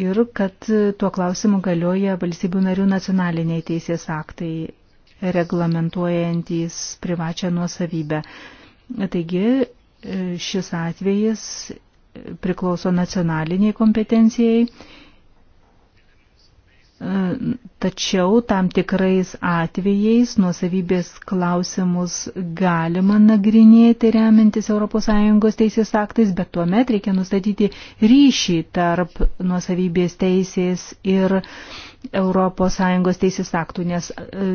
A: ir kad tuo klausimu galioja valstybių narių nacionaliniai teisės aktai reglamentuojantys privačią nuosavybę. Taigi e, šis atvejis priklauso nacionaliniai kompetencijai, e, tačiau tam tikrais atvejais nuosavybės klausimus galima nagrinėti remiantis ES teisės aktais, bet tuomet reikia nustatyti ryšį tarp nuosavybės teisės ir ES teisės aktų, nes e,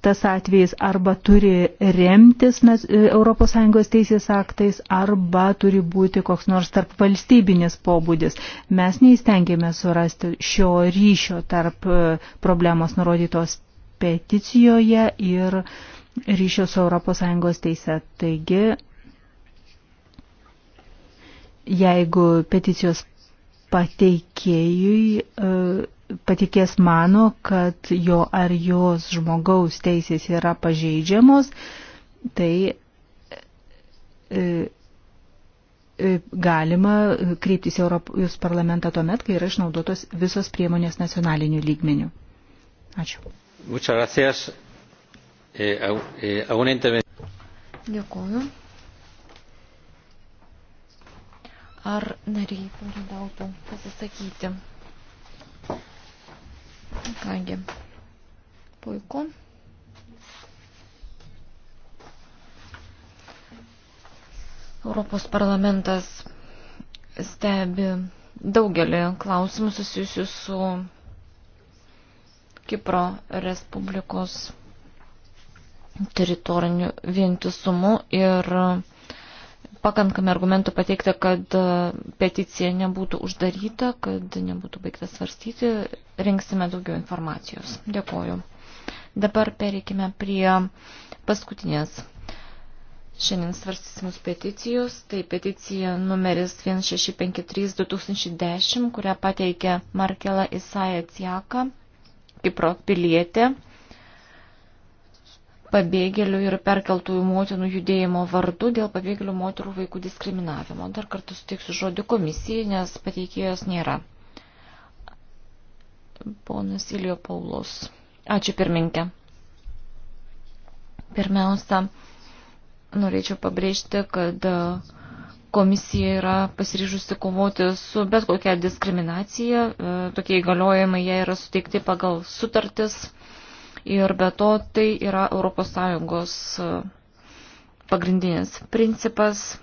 A: tas atvejis arba turi remtis e, ES teisės aktais, arba turi būti koks nors tarp valstybinis pobūdis. Mes neįstengėme surasti šio ryšio tarp e, problemos nurodytos peticijoje ir ryšio su ES teise. Taigi, jeigu peticijos pateikėjui uh, patikės mano, kad jo ar jos žmogaus teisės yra pažeidžiamos, tai e, e, galima kreiptis į Europos parlamentą tuomet, kai yra išnaudotos visos priemonės nacionalinių lygmenių. Ačiū.
C: Eh, eh,
B: Dėkuoju. Ar nariai paridautų pasisakyti? Kągi, puiku. Europos parlamentas stebi daugelį klausimų susijusių su Kipro Respublikos teritoriniu vientisumu ir uh, pakankamai argumentų pateikta, kad e, peticija nebūtų uždaryta, kad nebūtų baigta svarstyti. Rinksime daugiau informacijos. Dėkoju. Dabar pereikime prie paskutinės Šiandien svarstysimus peticijos. Tai peticija numeris 1653-2010, kurią pateikė Markela Isaija Ciaka, Kipro pilietė pabėgėlių ir perkeltųjų motinų judėjimo vardu dėl pabėgėlių moterų vaikų diskriminavimo. Dar kartą suteiksiu žodį komisijai, nes pateikėjos nėra. Ponas Ilio Paulos. Ačiū pirminkė. Pirmiausia, norėčiau pabrėžti, kad komisija yra pasiryžusi kovoti su bet kokia diskriminacija. Tokie įgaliojimai jie yra suteikti pagal sutartis Ir be to tai yra ES e, pagrindinis principas,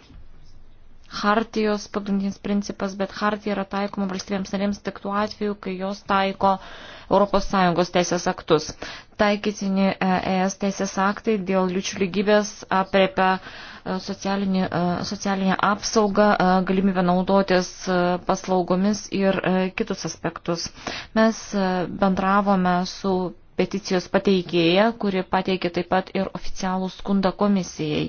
B: hartijos pagrindinis principas, bet hartija yra taikoma valstybėms narėms tik tuo atveju, kai jos taiko ES teisės aktus. Taikytini ES e teisės aktai dėl liučių lygybės apriepia e, socialinę apsaugą, galimybę naudotis paslaugomis ir kitus aspektus. Mes bendravome su peticijos pateikėja, kuri pateikė taip pat ir oficialų skundą komisijai.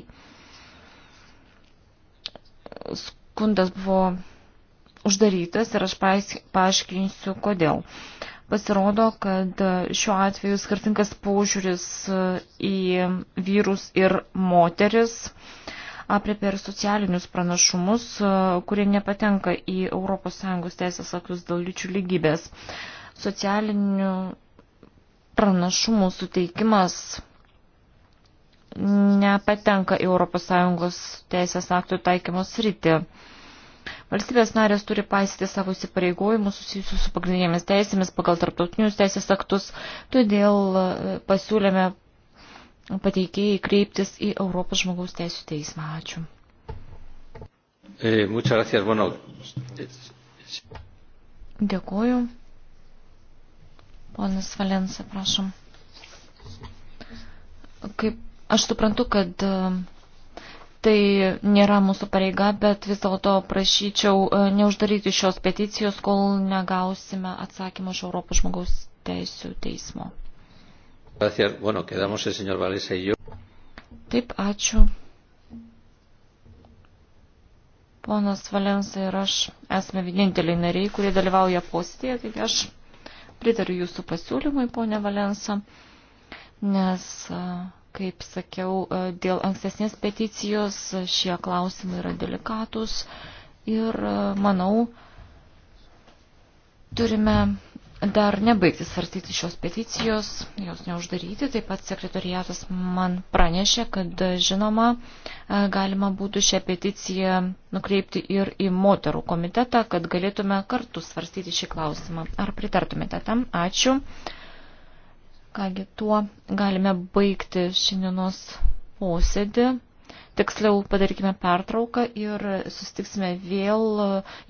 B: Skundas buvo uždarytas ir aš paaiškinsiu, kodėl. Pasirodo, kad šiuo atveju skirtingas požiūris į vyrus ir moteris apriepia ir socialinius pranašumus, kurie nepatenka į ES teisės aktus dėl lyčių lygybės. Socialinių pranašumų suteikimas nepatenka į ES teisės aktų taikymos rytį. Valstybės narės turi paisyti savo įsipareigojimus susijusius su pagrindinėmis teisėmis pagal tarptautinius teisės aktus, todėl e, pasiūlėme pateikėjai kreiptis į Europos žmogaus teisų teismą. Ačiū.
C: E, eh,
B: Dėkuoju. Ponas Valensa, prašom. Kaip aš suprantu, kad e, tai nėra mūsų pareiga, bet vis dėlto prašyčiau e, neuždaryti šios peticijos, kol negausime atsakymą iš Europos žmogaus teisų teismo. Taip, ačiū. Ponas Valensa ir aš esame vieninteliai nariai, kurie dalyvauja postėje, taigi aš Pritariu jūsų pasiūlymui, ponė Valensa, nes, kaip sakiau, dėl ankstesnės peticijos šie klausimai yra delikatus ir, manau, turime dar nebaigti svarstyti šios peticijos, jos neuždaryti. Taip pat sekretariatas man pranešė, kad žinoma, galima būtų šią peticiją nukreipti ir į moterų komitetą, kad galėtume kartu svarstyti šį klausimą. Ar pritartumėte tam? Ačiū. Kągi tuo galime baigti šiandienos posėdį. Tiksliau padarykime pertrauką ir sustiksime vėl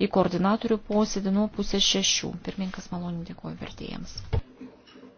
B: į koordinatorių posėdį nuo pusės šešių. Pirmininkas maloniai dėkoju vertėjams.